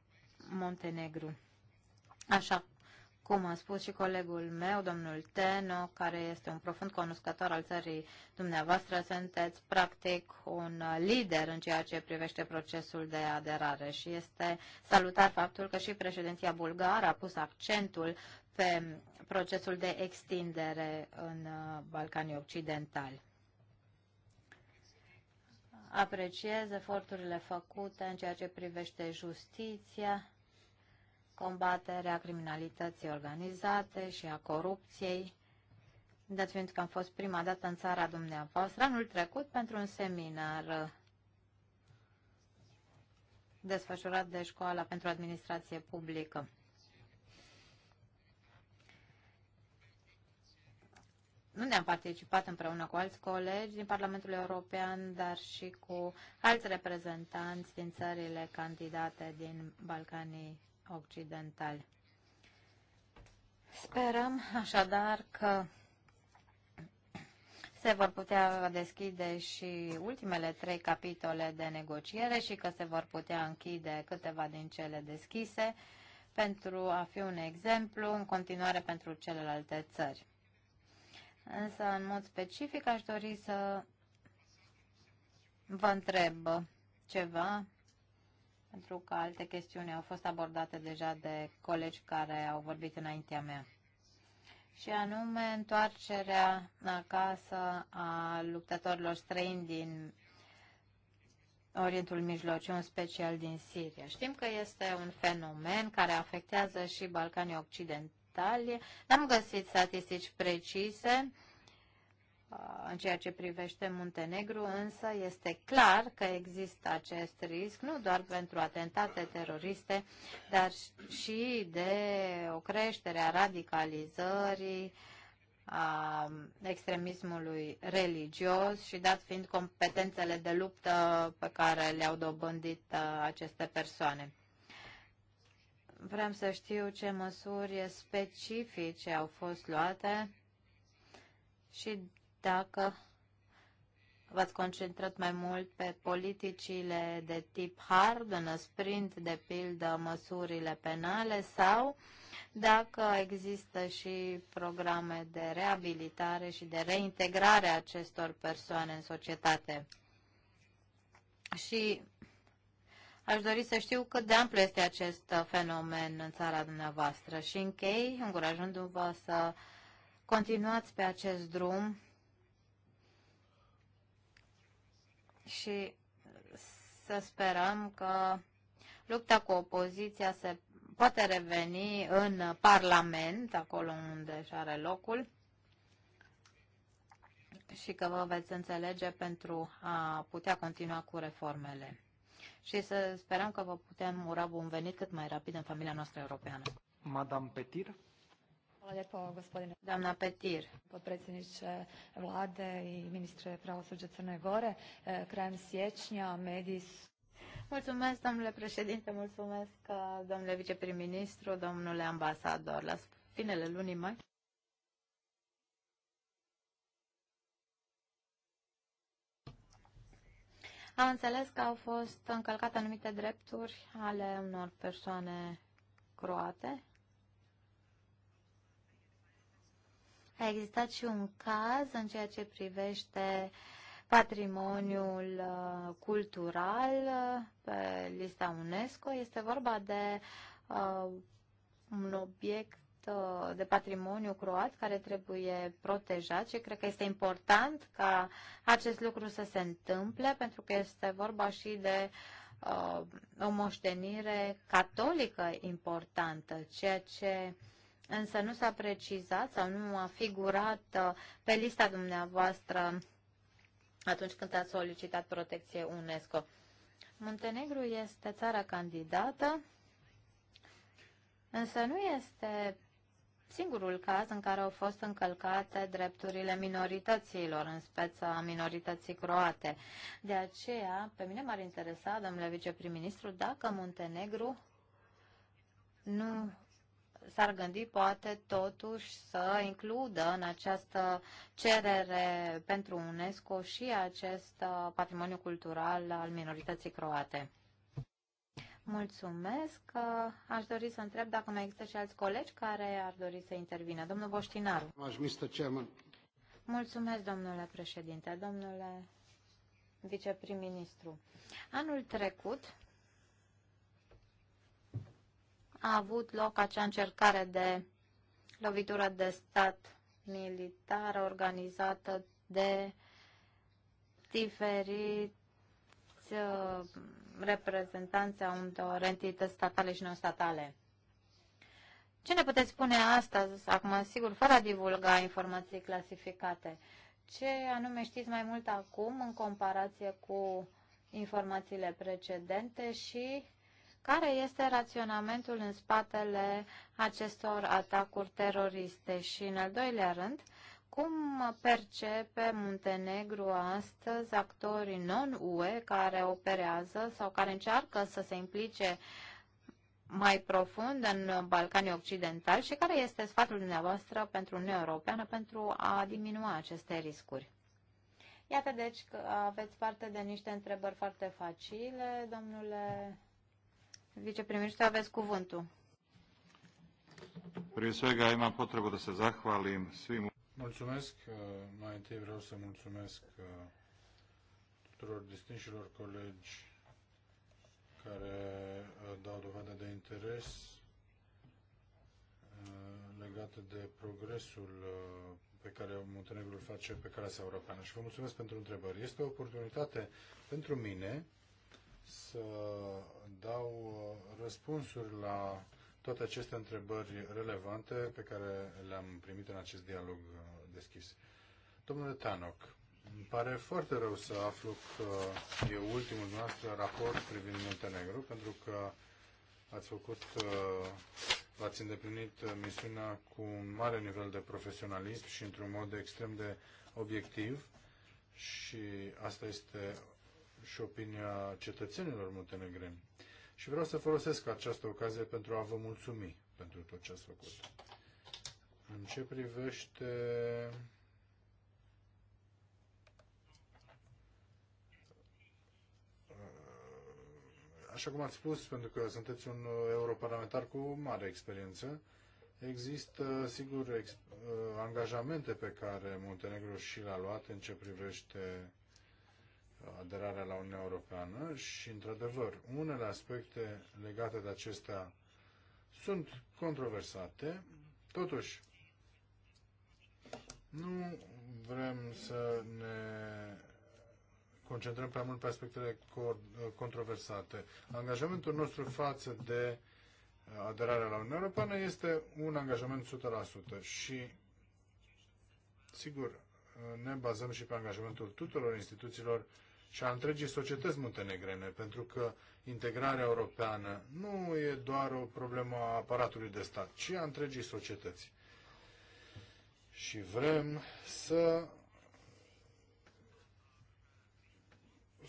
Montenegru. Așa cum a spus și colegul meu, domnul Teno, care este un profund cunoscător al țării dumneavoastră, sunteți practic un lider în ceea ce privește procesul de aderare și este salutar faptul că și președinția bulgară a pus accentul pe procesul de extindere în uh, Balcanii Occidentali. Apreciez eforturile făcute în ceea ce privește justiția, combaterea criminalității organizate și a corupției, dat fiind că am fost prima dată în țara dumneavoastră anul trecut pentru un seminar desfășurat de Școala pentru Administrație Publică. Nu ne-am participat împreună cu alți colegi din Parlamentul European, dar și cu alți reprezentanți din țările candidate din Balcanii occidentali. Sperăm așadar că se vor putea deschide și ultimele trei capitole de negociere și că se vor putea închide câteva din cele deschise pentru a fi un exemplu în continuare pentru celelalte țări. Însă, în mod specific, aș dori să vă întreb ceva pentru că alte chestiuni au fost abordate deja de colegi care au vorbit înaintea mea. Și anume întoarcerea acasă a luptătorilor străini din Orientul Mijlociu, în special din Siria. Știm că este un fenomen care afectează și Balcanii Occidentali. N-am găsit statistici precise în ceea ce privește Muntenegru, însă este clar că există acest risc, nu doar pentru atentate teroriste, dar și de o creștere a radicalizării, a extremismului religios și dat fiind competențele de luptă pe care le-au dobândit uh, aceste persoane. Vreau să știu ce măsuri specifice au fost luate și dacă v-ați concentrat mai mult pe politicile de tip hard, sprint de pildă, măsurile penale sau dacă există și programe de reabilitare și de reintegrare a acestor persoane în societate. Și aș dori să știu cât de amplu este acest fenomen în țara dumneavoastră și închei încurajându-vă să continuați pe acest drum și să sperăm că lupta cu opoziția se poate reveni în Parlament, acolo unde și are locul, și că vă veți înțelege pentru a putea continua cu reformele. Și să sperăm că vă putem ura bun venit cât mai rapid în familia noastră europeană. Madame Petir. Doamna Petir. Potpredsjedniče vlade i ministre pravosuđa Crne Gore. Krajem siječnja mediji su... Mulțumesc, domnule președinte, mulțumesc, uh, domnule viceprim-ministru, domnule ambasador. La finele lunii mai Am înțeles că au fost încălcate anumite drepturi ale unor persoane croate A existat și un caz în ceea ce privește patrimoniul uh, cultural uh, pe lista UNESCO. Este vorba de uh, un obiect uh, de patrimoniu croat care trebuie protejat și cred că este important ca acest lucru să se întâmple pentru că este vorba și de uh, o moștenire catolică importantă, ceea ce uh, însă nu s-a precizat sau nu a figurat uh, pe lista dumneavoastră atunci când ați solicitat protecție UNESCO. Muntenegru este țara candidată, însă nu este singurul caz în care au fost încălcate drepturile minorităților, în speța minorității croate. De aceea, pe mine m-ar interesa, domnule viceprim-ministru, dacă Muntenegru nu s-ar gândi poate totuși să includă în această cerere pentru UNESCO și acest uh, patrimoniu cultural al minorității croate. Mulțumesc. Uh, aș dori să întreb dacă mai există și alți colegi care ar dori să intervină. Domnul Boștinaru. Mulțumesc, domnule președinte, domnule viceprim-ministru. Anul trecut, a avut loc acea încercare de lovitură de stat militară organizată de diferiți uh, reprezentanți a unor entități statale și non-statale. Ce ne puteți spune astăzi, acum, sigur, fără a divulga informații clasificate? Ce anume știți mai mult acum în comparație cu informațiile precedente și care este raționamentul în spatele acestor atacuri teroriste? Și în al doilea rând, cum percepe Muntenegru astăzi actorii non-UE care operează sau care încearcă să se implice mai profund în Balcanii Occidentali și care este sfatul dumneavoastră pentru Uniunea Europeană pentru a diminua aceste riscuri? Iată deci că aveți parte de niște întrebări foarte facile, domnule Viceprimiștru, aveți cuvântul. Prin svega imam potrebu da se zahvalim svim... Mulțumesc. Mai întâi vreau să mulțumesc uh, tuturor distinșilor colegi care uh, dau dovadă de interes uh, legat de progresul pe care Muntenegru face pe calea sa europeană. Și vă mulțumesc pentru întrebări. Este o oportunitate pentru mine să dau uh, răspunsuri la toate aceste întrebări relevante pe care le-am primit în acest dialog uh, deschis. Domnule Tanoc, îmi pare foarte rău să aflu că e ultimul nostru raport privind Muntenegru, pentru că ați făcut, uh, ați îndeplinit misiunea cu un mare nivel de profesionalism și într-un mod extrem de obiectiv și asta este și opinia cetățenilor muntenegreni. Și vreau să folosesc această ocazie pentru a vă mulțumi pentru tot ce ați făcut. În ce privește uh, așa cum ați spus, pentru că sunteți un europarlamentar cu mare experiență, există, sigur, ex uh, angajamente pe care Montenegro și le-a luat în ce privește aderarea la Uniunea Europeană și, într-adevăr, unele aspecte legate de acestea sunt controversate. Totuși, nu vrem să ne concentrăm prea mult pe aspectele controversate. Angajamentul nostru față de aderarea la Uniunea Europeană este un angajament 100% și, sigur, ne bazăm și pe angajamentul tuturor instituțiilor și a întregii societăți muntenegrene, pentru că integrarea europeană nu e doar o problemă a aparatului de stat, ci a întregii societăți. Și vrem să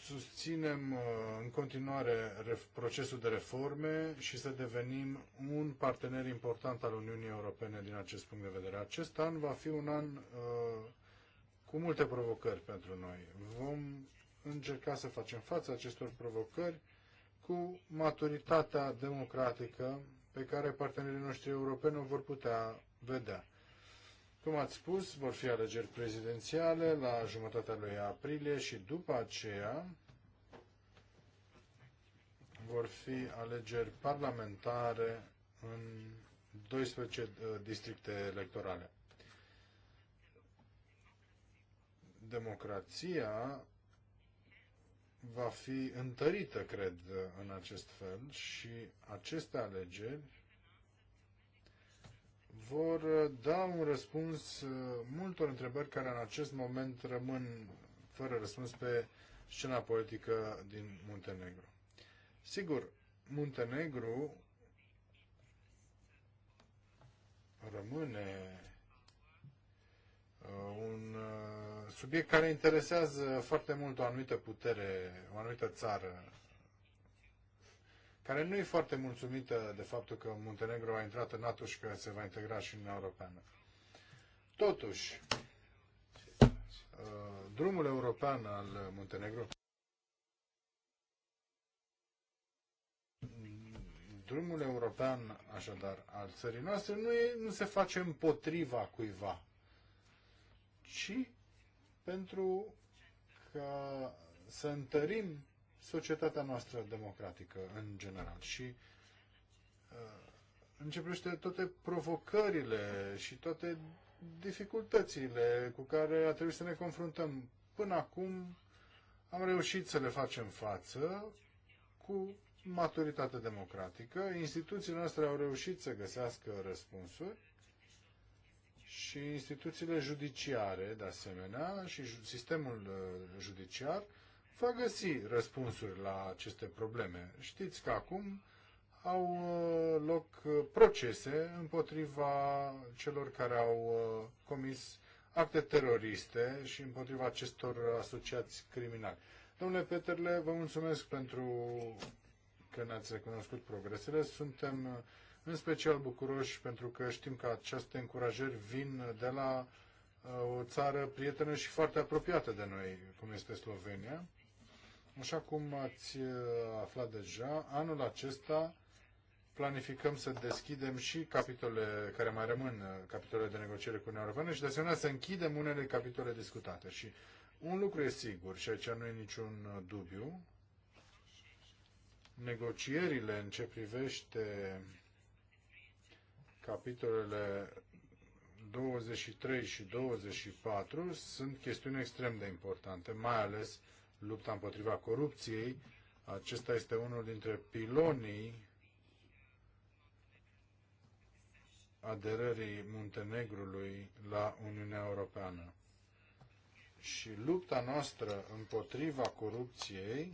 susținem uh, în continuare procesul de reforme și să devenim un partener important al Uniunii Europene din acest punct de vedere. Acest an va fi un an uh, cu multe provocări pentru noi. Vom încerca să facem față acestor provocări cu maturitatea democratică pe care partenerii noștri europeni o vor putea vedea. Cum ați spus, vor fi alegeri prezidențiale la jumătatea lui aprilie și după aceea vor fi alegeri parlamentare în 12 uh, districte electorale. Democrația va fi întărită, cred, în acest fel și aceste alegeri vor da un răspuns uh, multor întrebări care în acest moment rămân fără răspuns pe scena politică din Muntenegru. Sigur, Muntenegru rămâne Uh, un uh, subiect care interesează foarte mult o anumită putere, o anumită țară, care nu e foarte mulțumită de faptul că Muntenegro a intrat în NATO și că se va integra și în Europeană. Totuși, uh, drumul european al Muntenegro drumul european, așadar, al țării noastre nu, e, nu se face împotriva cuiva ci pentru ca să întărim societatea noastră democratică în general. Și uh, începește toate provocările și toate dificultățile cu care a trebuit să ne confruntăm. Până acum am reușit să le facem față cu maturitate democratică, instituțiile noastre au reușit să găsească răspunsuri și instituțiile judiciare, de asemenea, și sistemul uh, judiciar va găsi răspunsuri la aceste probleme. Știți că acum au uh, loc uh, procese împotriva celor care au comis acte teroriste și împotriva acestor asociați criminali. Domnule Peterle, vă mulțumesc pentru că ne-ați recunoscut progresele. Suntem în special bucuroși pentru că știm că aceste încurajări vin de la uh, o țară prietenă și foarte apropiată de noi, cum este Slovenia. Așa cum ați uh, aflat deja, anul acesta planificăm să deschidem și capitole care mai rămân, uh, capitole de negociere cu Uniunea Europeană și de asemenea să închidem unele capitole discutate. Și un lucru e sigur și aici nu e niciun dubiu, negocierile în ce privește capitolele 23 și 24 sunt chestiuni extrem de importante, mai ales lupta împotriva corupției. Acesta este unul dintre pilonii aderării Muntenegrului la Uniunea Europeană. Și lupta noastră împotriva corupției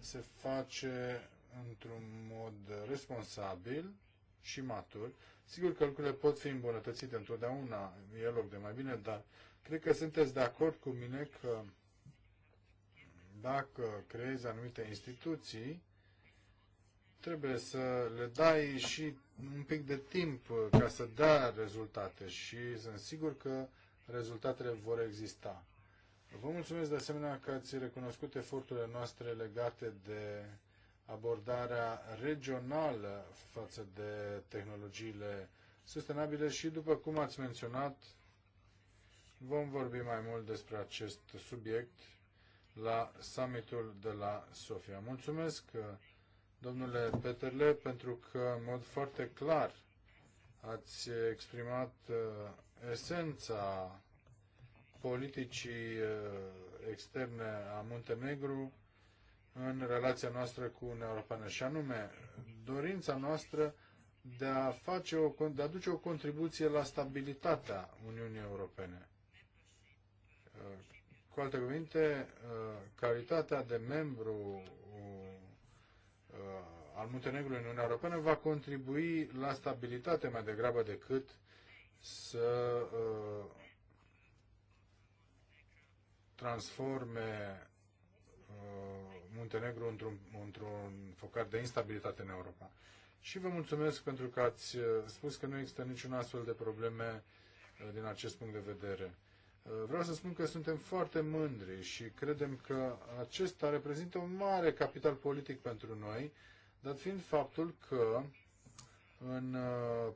se face într-un mod responsabil și matur. Sigur că lucrurile pot fi îmbunătățite întotdeauna, e loc de mai bine, dar cred că sunteți de acord cu mine că dacă creezi anumite instituții, trebuie să le dai și un pic de timp ca să dea rezultate și sunt sigur că rezultatele vor exista. Vă mulțumesc de asemenea că ați recunoscut eforturile noastre legate de abordarea regională față de tehnologiile sustenabile și, după cum ați menționat, vom vorbi mai mult despre acest subiect la summitul de la Sofia. Mulțumesc, domnule Peterle, pentru că, în mod foarte clar, ați exprimat uh, esența politicii uh, externe a Muntenegru în relația noastră cu Uniunea Europeană, și anume dorința noastră de a, face o, de a duce o contribuție la stabilitatea Uniunii Europene. Cu alte cuvinte, calitatea de membru uh, al Muntenegrului în Uniunea Europeană va contribui la stabilitate mai degrabă decât să uh, transforme uh, Muntenegru într-un, într-un focar de instabilitate în Europa. Și vă mulțumesc pentru că ați uh, spus că nu există niciun astfel de probleme uh, din acest punct de vedere. Uh, vreau să spun că suntem foarte mândri și credem că acesta reprezintă un mare capital politic pentru noi, dat fiind faptul că în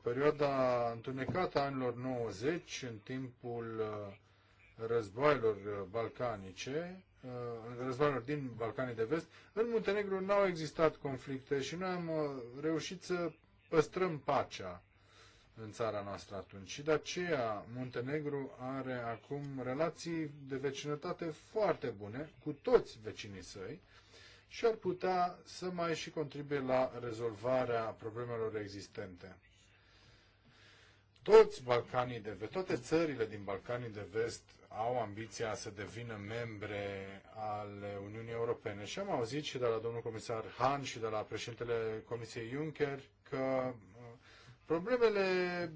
perioada întunecată a anilor 90, în timpul războaielor balcanice, Uh, războaielor din Balcanii de Vest, în Muntenegru n-au existat conflicte și noi am uh, reușit să păstrăm pacea în țara noastră atunci. Și de aceea Muntenegru are acum relații de vecinătate foarte bune cu toți vecinii săi și ar putea să mai și contribuie la rezolvarea problemelor existente toți Balcanii de Vest, toate țările din Balcanii de Vest au ambiția să devină membre ale Uniunii Europene. Și am auzit și de la domnul comisar Han și de la președintele Comisiei Juncker că uh, problemele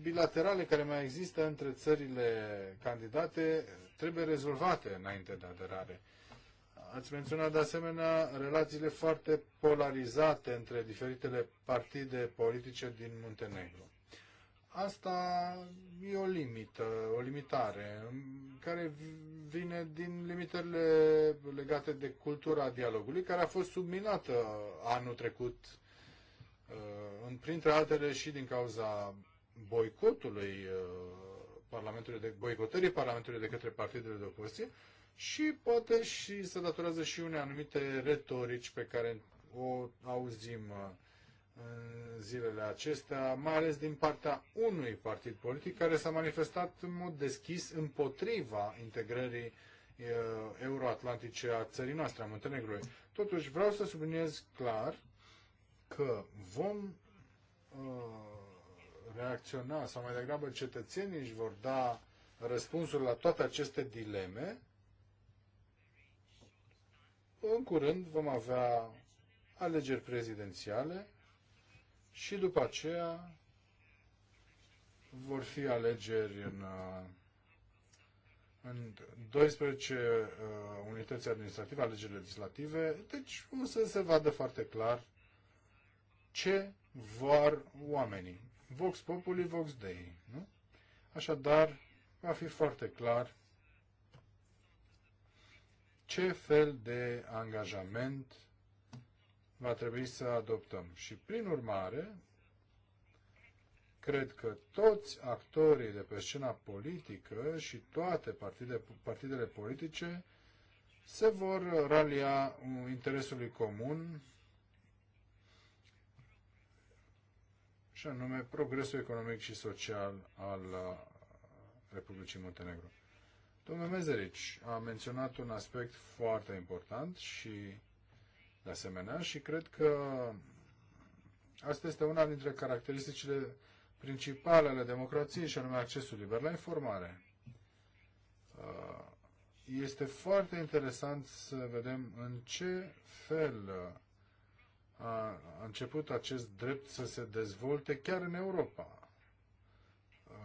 bilaterale care mai există între țările candidate trebuie rezolvate înainte de aderare. Ați menționat de asemenea relațiile foarte polarizate între diferitele partide politice din Muntenegru asta e o limită, o limitare care vine din limitările legate de cultura dialogului, care a fost subminată anul trecut, uh, în printre altele și din cauza boicotului uh, Parlamentului de, boicotării Parlamentului de către partidele de opoziție și poate și se datorează și unei anumite retorici pe care o auzim uh, în zilele acestea, mai ales din partea unui partid politic care s-a manifestat în mod deschis împotriva integrării euroatlantice a țării noastre, a Muntenegrului. Totuși, vreau să subliniez clar că vom reacționa, sau mai degrabă cetățenii își vor da răspunsuri la toate aceste dileme, în curând vom avea alegeri prezidențiale și după aceea vor fi alegeri în, în 12 uh, unități administrative, alegeri legislative, deci o să se vadă foarte clar ce vor oamenii. Vox populi, vox dei. Nu? Așadar, va fi foarte clar ce fel de angajament va trebui să adoptăm. Și prin urmare, cred că toți actorii de pe scena politică și toate partide, partidele politice se vor ralia interesului comun și anume progresul economic și social al uh, Republicii Muntenegru. Domnul Mezerici a menționat un aspect foarte important și de asemenea și cred că asta este una dintre caracteristicile principale ale democrației și anume accesul liber la informare. Uh, este foarte interesant să vedem în ce fel uh, a început acest drept să se dezvolte chiar în Europa. Uh,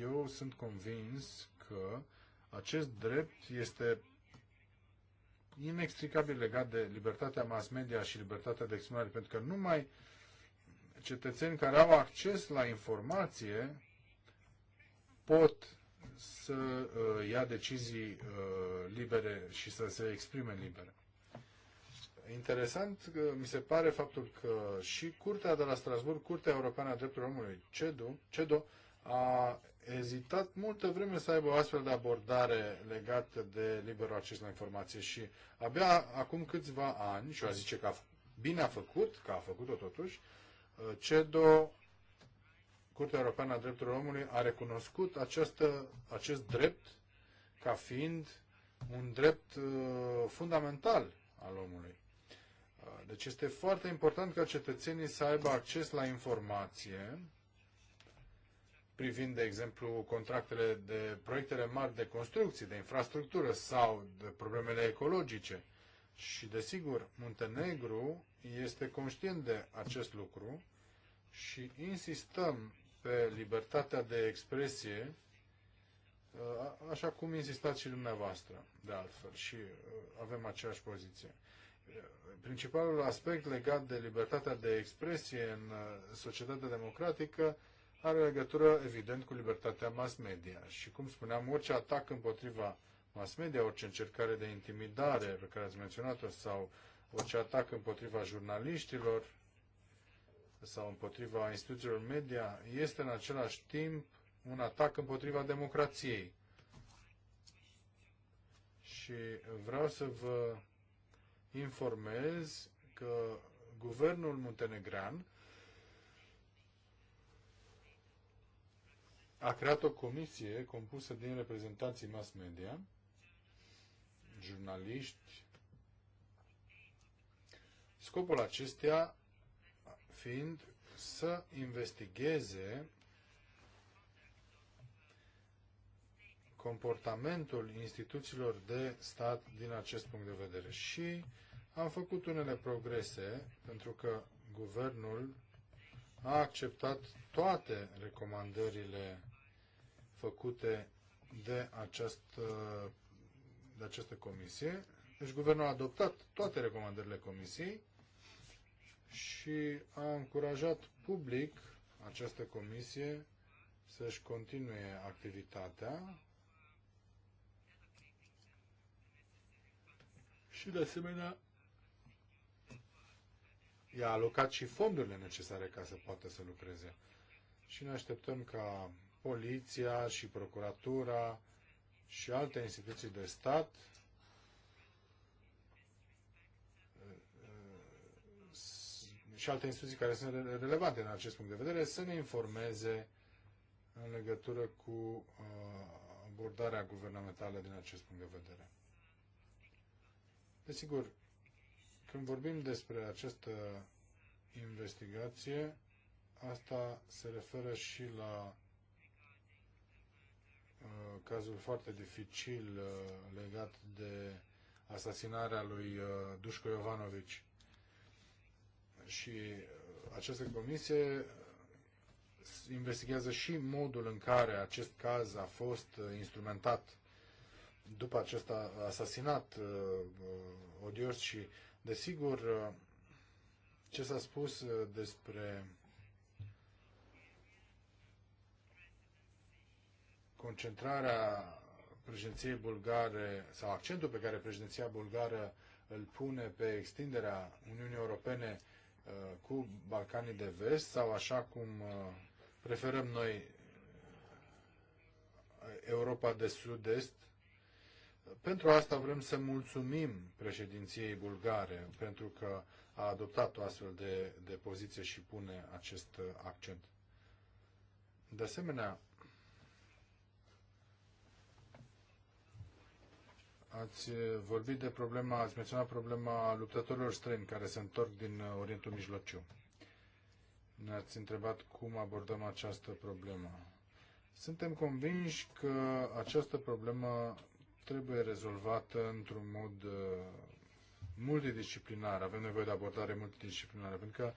eu sunt convins că acest drept este inextricabil legat de libertatea mass media și libertatea de exprimare, pentru că numai cetățeni care au acces la informație pot să uh, ia decizii uh, libere și să se exprime libere. Interesant uh, mi se pare faptul că și Curtea de la Strasburg, Curtea Europeană a Drepturilor Omului, CEDO, CEDO a ezitat multă vreme să aibă o astfel de abordare legată de liberul acces la informație și abia acum câțiva ani, și o zice că a, bine a făcut, că a făcut-o totuși, uh, CEDO, Curtea Europeană a Drepturilor Omului, a recunoscut această, acest drept ca fiind un drept uh, fundamental al omului. Uh, deci este foarte important ca cetățenii să aibă acces la informație privind, de exemplu, contractele de proiectele mari de construcții, de infrastructură sau de problemele ecologice. Și, desigur, Muntenegru este conștient de acest lucru și insistăm pe libertatea de expresie, uh, așa cum insistați și dumneavoastră, de altfel, și uh, avem aceeași poziție. Principalul aspect legat de libertatea de expresie în uh, societatea democratică are legătură, evident, cu libertatea mass media. Și, cum spuneam, orice atac împotriva mass media, orice încercare de intimidare pe care ați menționat-o sau orice atac împotriva jurnaliștilor sau împotriva instituțiilor media este în același timp un atac împotriva democrației. Și vreau să vă informez că guvernul muntenegran a creat o comisie compusă din reprezentanții mass media, jurnaliști. Scopul acestea fiind să investigheze comportamentul instituțiilor de stat din acest punct de vedere. Și am făcut unele progrese, pentru că guvernul a acceptat toate recomandările făcute de această, de această comisie. Deci guvernul a adoptat toate recomandările comisiei și a încurajat public această comisie să-și continue activitatea și de asemenea i-a alocat și fondurile necesare ca să poată să lucreze. Și ne așteptăm ca poliția și procuratura și alte instituții de stat și alte instituții care sunt relevante în acest punct de vedere să ne informeze în legătură cu uh, abordarea guvernamentală din acest punct de vedere. Desigur, când vorbim despre această investigație, asta se referă și la cazul foarte dificil uh, legat de asasinarea lui uh, Dușco Iovanovici. Și uh, această comisie investigează și modul în care acest caz a fost instrumentat după acest asasinat odios și, desigur, ce s-a spus despre concentrarea președinției bulgare sau accentul pe care președinția bulgară îl pune pe extinderea Uniunii Europene uh, cu Balcanii de Vest sau așa cum uh, preferăm noi Europa de Sud-Est. Pentru asta vrem să mulțumim președinției bulgare pentru că a adoptat o astfel de, de poziție și pune acest uh, accent. De asemenea, Ați eh, vorbit de problema, ați menționat problema luptătorilor străini care se întorc din eh, Orientul Mijlociu. Ne-ați întrebat cum abordăm această problemă. Suntem convinși că această problemă trebuie rezolvată într-un mod eh, multidisciplinar. Avem nevoie de abordare multidisciplinară, pentru că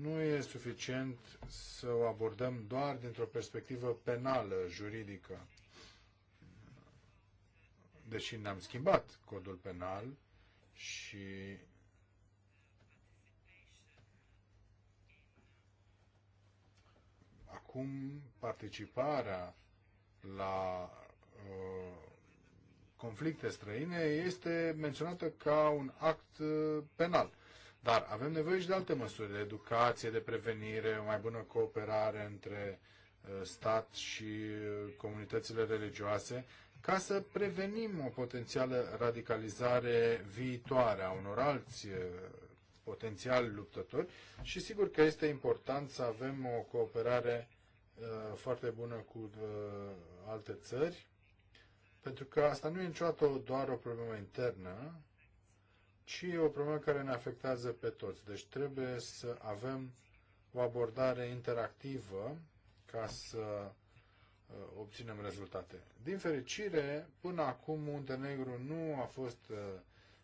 nu e suficient să o abordăm doar dintr-o perspectivă penală, juridică deși n-am schimbat codul penal și acum participarea la uh, conflicte străine este menționată ca un act uh, penal. Dar avem nevoie și de alte măsuri, de educație, de prevenire, o mai bună cooperare între uh, stat și comunitățile religioase ca să prevenim o potențială radicalizare viitoare a unor alți eh, potențiali luptători și sigur că este important să avem o cooperare eh, foarte bună cu eh, alte țări, pentru că asta nu e niciodată doar o problemă internă, ci e o problemă care ne afectează pe toți. Deci trebuie să avem o abordare interactivă ca să Uh, obținem rezultate. Din fericire, până acum Muntenegru nu a fost uh,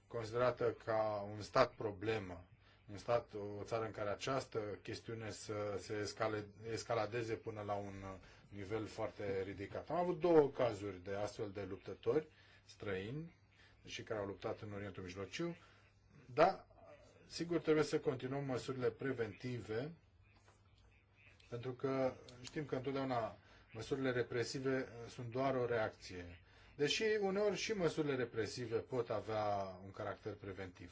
considerată ca un stat problemă, un stat, o țară în care această chestiune să se escale, escaladeze până la un uh, nivel foarte ridicat. Am avut două cazuri de astfel de luptători străini și care au luptat în Orientul Mijlociu, dar sigur trebuie să continuăm măsurile preventive pentru că știm că întotdeauna Măsurile represive uh, sunt doar o reacție. Deși uneori și măsurile represive pot avea un caracter preventiv.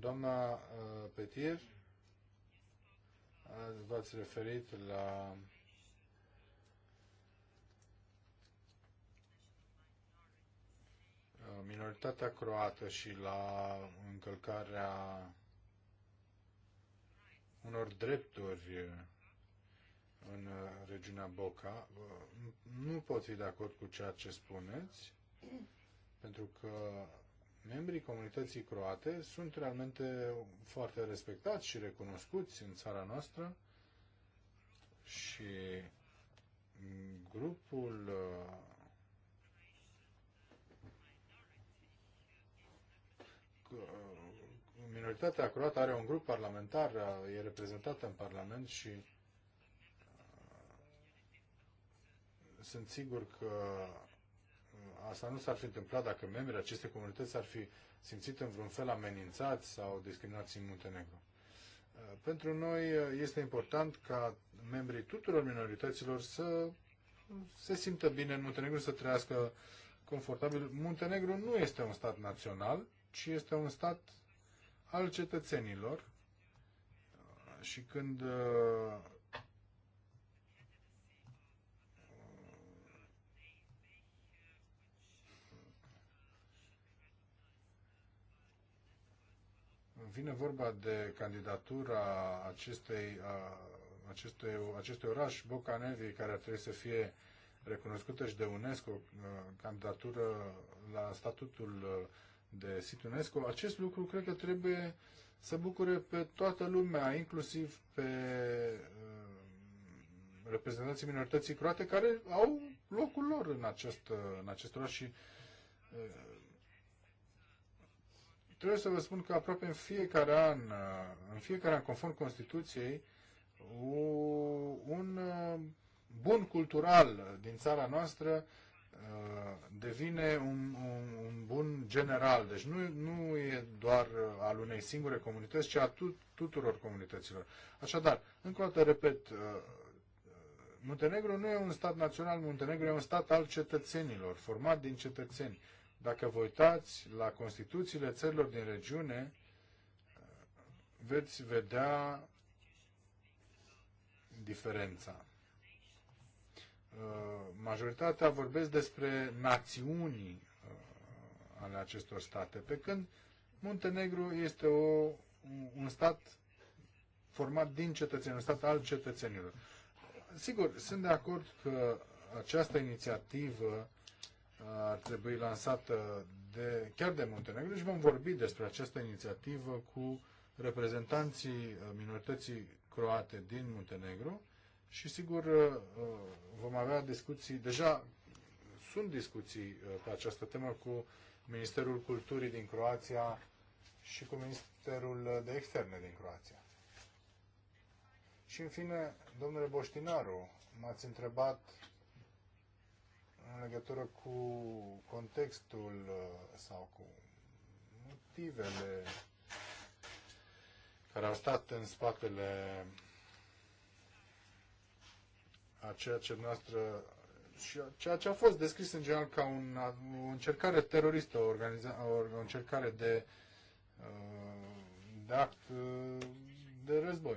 Doamna uh, Petir, v-ați referit la minoritatea croată și la încălcarea unor drepturi în regiunea Boca. Nu pot fi de acord cu ceea ce spuneți, pentru că membrii comunității croate sunt realmente foarte respectați și recunoscuți în țara noastră și grupul Uh, minoritatea croată are un grup parlamentar, uh, e reprezentată în Parlament și uh, sunt sigur că asta nu s-ar fi întâmplat dacă membrii acestei comunități ar fi simțit în vreun fel amenințați sau discriminați în Muntenegru. Pentru noi este important ca membrii tuturor minorităților să se simtă bine în Muntenegru, să trăiască confortabil. Muntenegru nu este un stat național, ci este un stat al cetățenilor și când uh, vine vorba de candidatura acestei, acestui, acestui oraș, Boca Nevi, care ar trebui să fie recunoscută și de UNESCO, uh, candidatură la statutul uh, de Situnescu. Acest lucru cred că trebuie să bucure pe toată lumea, inclusiv pe uh, reprezentanții minorității croate care au locul lor în acest, uh, în acest oraș și uh, trebuie să vă spun că aproape în fiecare an, în fiecare an, conform Constituției, un bun cultural din țara noastră Uh, devine un, un, un bun general. Deci nu, nu e doar uh, al unei singure comunități, ci a tut, tuturor comunităților. Așadar, încă o dată repet, uh, Muntenegru nu e un stat național, Muntenegru e un stat al cetățenilor, format din cetățeni. Dacă vă uitați la Constituțiile țărilor din regiune, veți vedea diferența. Uh, majoritatea vorbesc despre națiuni uh, ale acestor state, pe când Muntenegru este o, un stat format din cetățeni, un stat al cetățenilor. Sigur, sunt de acord că această inițiativă uh, ar trebui lansată de, chiar de Muntenegru și vom vorbi despre această inițiativă cu reprezentanții minorității croate din Muntenegru și sigur uh, uh, vom avea discuții, deja sunt discuții uh, pe această temă cu Ministerul Culturii din Croația și cu Ministerul de Externe din Croația. Și în fine, domnule Boștinaru, m-ați întrebat în legătură cu contextul sau cu motivele care au stat în spatele a ceea ce noastră și ceea ce a fost descris în general ca un, o încercare teroristă, o, organiza, o încercare de, uh, de act uh, de război.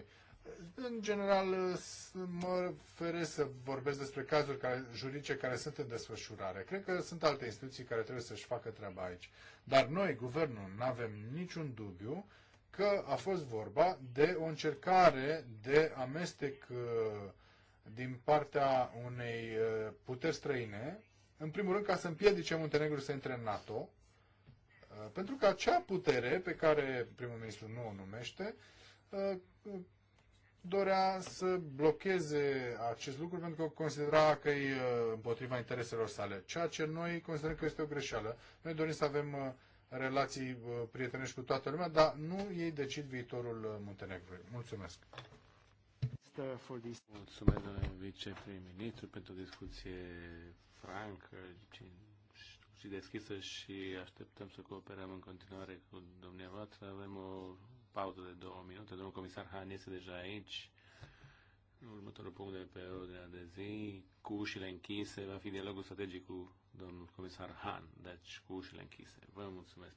În general, uh, mă feresc să vorbesc despre cazuri care, juridice care sunt în desfășurare. Cred că sunt alte instituții care trebuie să-și facă treaba aici. Dar noi, guvernul, nu avem niciun dubiu că a fost vorba de o încercare de amestec uh, din partea unei uh, puteri străine, în primul rând ca să împiedice Muntenegru să intre în NATO, uh, pentru că acea putere pe care primul ministru nu o numește, uh, dorea să blocheze acest lucru pentru că considera că e împotriva intereselor sale, ceea ce noi considerăm că este o greșeală. Noi dorim să avem relații prietenești cu toată lumea, dar nu ei decid viitorul Muntenegrului. Mulțumesc! Uh, for this. Mulțumesc, domnule viceprim-ministru, pentru discuție francă și deschisă și așteptăm să cooperăm în continuare cu dumneavoastră. Avem o pauză de două minute. Domnul comisar Han este deja aici. Următorul punct de pe ordinea de zi, cu ușile închise, va fi dialogul strategic cu domnul comisar Han, deci cu ușile închise. Vă mulțumesc.